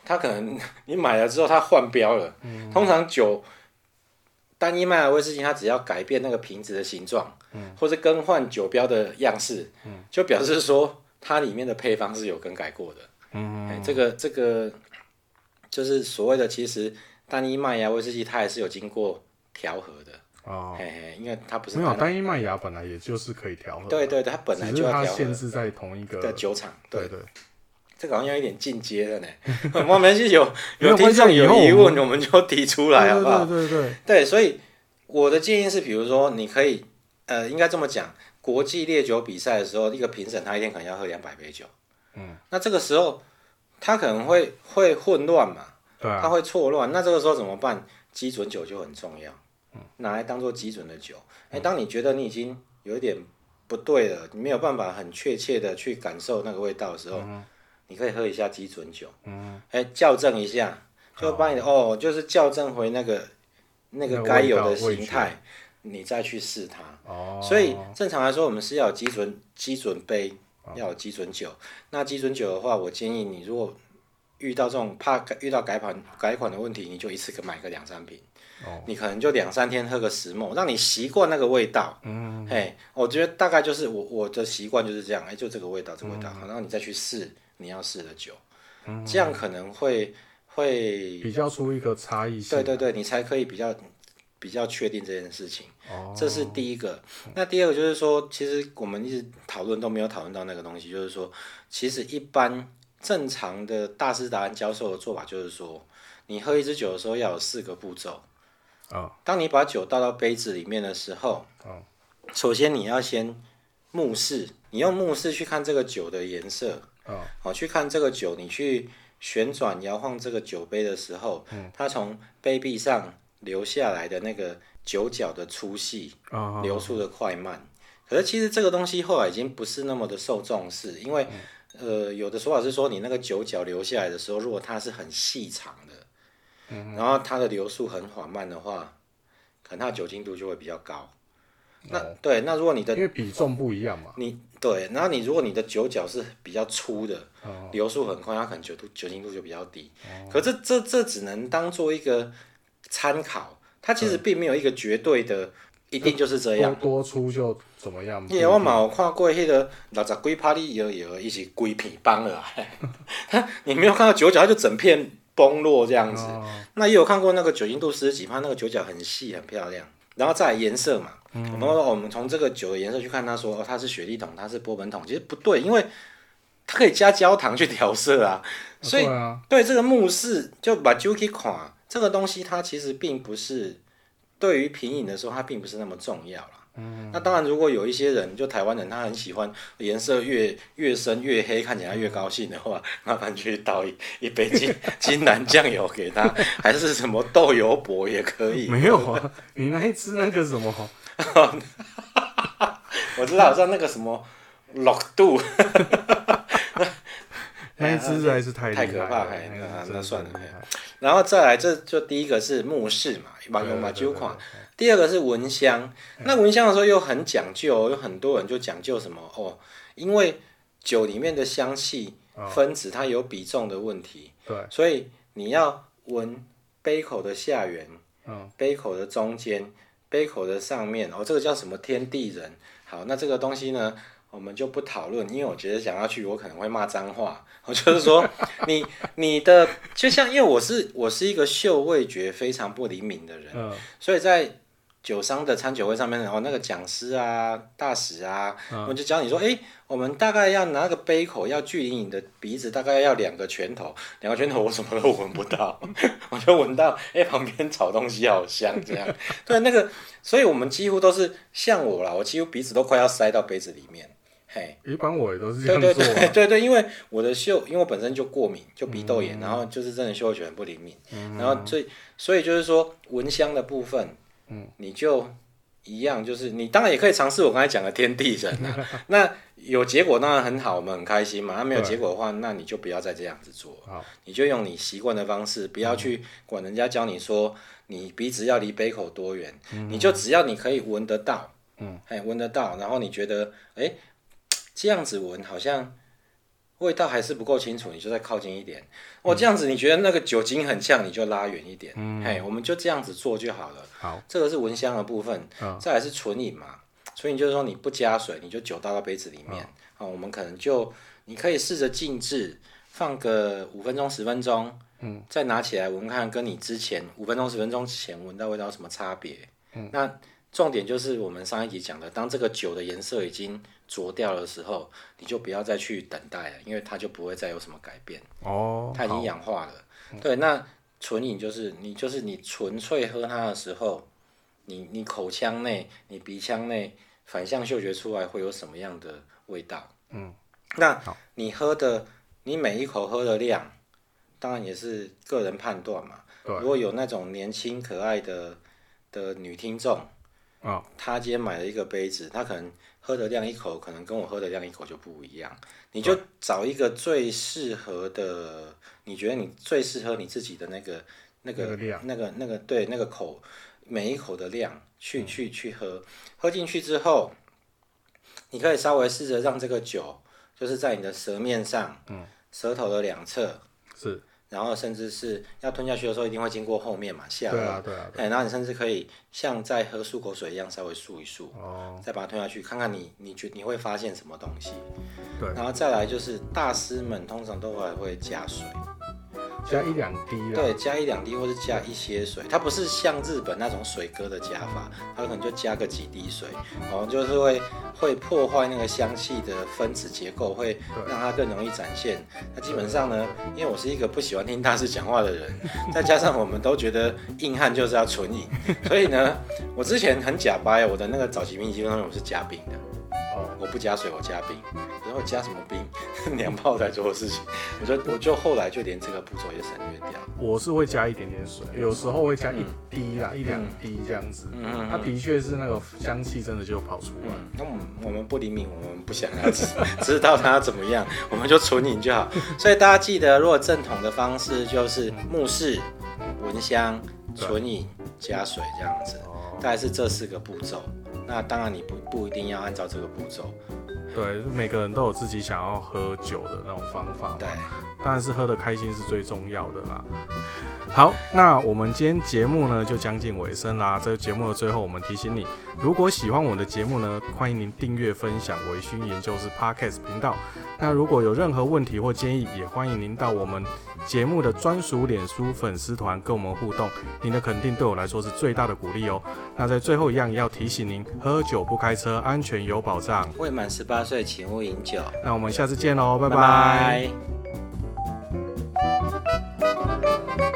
它可能你買了之後它換標了。嗯、嗯，通常酒單一麥芽威士忌它只要改變那個瓶子的形狀，嗯，或是更換酒標的樣式，嗯，就表示說它裡面的配方是有更改過的。嗯，嗯、欸，這個這個就是所謂的，其實單一麥芽威士忌它也是有經過調和的哦，嘿嘿，因為它不是沒有單一麥芽本來也就是可以調和的，對對對，它本來就要調和，限制在同一個的酒廠，對對，對，這個好像有點進階了呢。我們是有有聽眾有疑問，我們就提出來好不好？ *laughs* 對對對，對，對，對，對，所以我的建議是，比如說你可以，呃，應該這麼講，國際烈酒比賽的時候，一個評審他一天可能要喝兩百杯酒。那這個時候，它可能會會混亂嘛？對啊，它會錯亂。那這個時候怎麼辦？基準酒就很重要，拿來當做基準的酒。哎、嗯欸，當你覺得你已經有一點不對了，你沒有辦法很確切的去感受那個味道的時候，嗯、你可以喝一下基準酒，哎、嗯欸，校正一下，就會幫你哦，哦，就是校正回那個那個該有的形態，你再去試它。哦、所以正常來說，我們是要有基準基準杯。要有基準酒，那基準酒的話，我建議你如果遇到這種怕遇到改款改款的問題，你就一次可買個兩三瓶，哦、你可能就兩三天喝個十某，嗯、讓你習慣那個味道，嗯、嘿，我覺得大概就是我我的習慣就是這樣，哎、欸，就這個味道，這個味道，嗯、好，然後你再去試你要試的酒，嗯、這樣可能會會比較出一個差異性，對對對，你才可以比較。比較確定這件事情，oh. 這是第一個。那第二個就是說，其實我們一直討論都沒有討論到那個東西，就是說，其實一般正常的大師、達人教授的做法就是說，你喝一支酒的時候要有四個步驟。Oh. 當你把酒倒到杯子裡面的時候，oh. 首先你要先目視，你用目視去看這個酒的顏色，oh. 去看這個酒，你去旋轉搖晃這個酒杯的時候，oh. 它從杯壁上。留下來的那個酒腳的粗細、哦哦流速的快慢，可是其實這個東西後來已經不是那麼的受重視，因為、嗯、呃，有的說法是說，你那個酒腳留下來的時候，如果它是很細長的，嗯嗯然後它的流速很緩慢的話，可能它的酒精度就會比較高。哦、那對，那如果你的因為比重不一樣嘛，你對，然後你如果你的酒腳是比較粗的，哦、流速很快，它可能酒度酒精度就比較低。哦、可是這這這只能當做一個，參考，它其實並沒有一個絕對的，一定就是這樣、嗯多。多出就怎麼樣？也我冇看過迄個老早龜趴裡有有有一些龜皮崩了， *laughs* *laughs* 你沒有看到酒角，它就整片崩落這樣子。哦哦那也有看過那個酒精度四十幾，它那個酒角很細很漂亮。然後再顏色嘛，嗯嗯我們說我們從這個酒的顏色去看，它說哦，它是雪莉桶，它是波本桶，其實不對，因為它可以加焦糖去調色啊。所以啊對,啊對這個木式就把 j o c 這個東西它其實並不是對於品飲的時候，它並不是那麼重要嗯，那當然，如果有一些人，就台灣人，他很喜歡顏色越越深越黑，看起來越高興的話，麻煩去倒一一杯金金蘭醬油給他， *laughs* 還是什麼豆油伯也可以。沒有啊，你愛吃那, *laughs* *laughs* 那個什麼？我知道，好像那個什麼六度。 *laughs* 那姿勢還是太太可怕，哎，那那算了。然後再來，這就第一個是目視嘛，一般用嘛酒款。第二個是聞香，那聞香的時候又很講究，有很多人就講究什麼哦，因為酒裡面的香氣分子它有比重的問題，對，所以你要聞杯口的下緣，嗯，杯口的中間，杯口的上面，哦，這個叫什麼天地人？好，那這個東西呢？我們就不討論，因為我覺得講下去，我可能會罵髒話。我 *laughs* 就是說你，你你的就像，因為我是我是一個嗅味覺非常不靈敏的人，嗯、所以在酒商的餐酒會上面，然後那個講師啊、大使啊，嗯、我就教你說，哎、欸，我們大概要拿個杯口，要距離你的鼻子大概要兩個拳頭，兩個拳頭我什麼都聞不到， *laughs* *laughs* 我就聞到哎、欸、旁邊炒東西好香，這樣 *laughs* 對那個，所以我們幾乎都是像我啦，我幾乎鼻子都快要塞到杯子裡面。Hey, 一般我也都是這樣做、啊。對對對，因為我的嗅，因為我本身就過敏，就鼻竇炎，嗯、然後就是真的嗅覺很不靈敏。嗯、然後，所以所以就是說，聞香的部分，嗯、你就一樣，就是你當然也可以嘗試我剛才講的天地人 *laughs* 那有結果當然很好，我們很開心嘛。那沒有結果的話，對那你就不要再這樣子做，好你就用你習慣的方式，不要去管人家教你說你鼻子要離杯口多遠，嗯、你就只要你可以聞得到，嗯，哎，聞得到，然後你覺得，哎、欸。這樣子聞好像味道還是不夠清楚，你就再靠近一點。哦、嗯，這樣子你覺得那個酒精很嗆，你就拉遠一點。嘿、嗯，hey, 我們就這樣子做就好了。好，這個是聞香的部分。嗯、哦，再來是純飲嘛，純飲就是說你不加水，你就酒倒到杯子裡面。好、哦嗯，我們可能就你可以試着靜置放個五分鐘十分鐘。嗯、再拿起來聞看，跟你之前五分鐘十分鐘前聞到味道有什麼差別？嗯，那。重點就是我們上一集講的，當這個酒的顏色已經濁掉的時候，你就不要再去等待了，因為它就不會再有什麼改變。哦，它已經氧化了。好對，那純飲就是你就是你純粹喝它的時候，你你口腔內、你鼻腔內反向嗅覺出來會有什麼樣的味道？嗯，那你喝的，你每一口喝的量，當然也是個人判斷嘛。對如果有那種年輕可愛的的女聽眾。哦，他今天買了一個杯子，他可能喝的量一口，可能跟我喝的量一口就不一樣。你就找一個最適合的，你覺得你最適合你自己的那個、那個、那個量，那個那個對那個口，每一口的量去、嗯、去去喝。喝進去之後，你可以稍微試着讓這個酒就是在你的舌面上，嗯、舌頭的兩側，是然後，甚至是要吞下去的時候，一定會經過後面嘛，下來。對啊，對啊，對。然後你甚至可以像在喝漱口水一樣，稍微漱一漱，哦，再把它吞下去，看看你，你你會發現什麼東西。對然後再來就是大師們通常都還會加水。嗯加一兩滴、啊，對，加一兩滴，或是加一些水，它不是像日本那種水割的加法，它可能就加個幾滴水，然後就是會會破壞那個香氣的分子結構，會讓它更容易展現。對那基本上呢，因為我是一個不喜歡聽大師講話的人， *laughs* 再加上我們都覺得硬漢就是要純飲， *laughs* 所以呢，我之前很假掰，我的那個早期冰基本上我是加冰的。Oh. 我不加水，我加冰，然後加什麼冰？娘炮在做的事情。我就我就後來就連這個步驟也省略掉。我是會加一點點水，樣有時候會加一滴啦，嗯、一兩滴,、嗯、滴這樣子。嗯嗯。它的確是那個香氣真的就跑出來了。那、嗯嗯、我們不靈敏，我們不想知知道它怎麼樣， *laughs* 我們就純飲就好。所以大家記得，如果正統的方式就是目視、聞香、純飲、啊、加水這樣子，哦、大概是這四個步驟。嗯那當然，你不不一定要按照這個步驟，對，每個人都有自己想要喝酒的那種方法，對，當然是喝得開心是最重要的啦。好，那我們今天節目呢就將近尾聲啦。這個節目的最後，我們提醒你，如果喜歡我的節目呢，歡迎您訂閱分享維新研究室 Podcast 頻道。那如果有任何問題或建議，也歡迎您到我們節目的專屬臉書粉絲團跟我們互動。您的肯定對我來說是最大的鼓勵哦。那在最後一樣也要提醒您，喝酒不開車，安全有保障。未滿十八歲，請勿飲酒。那我們下次見嘍，拜拜。拜拜。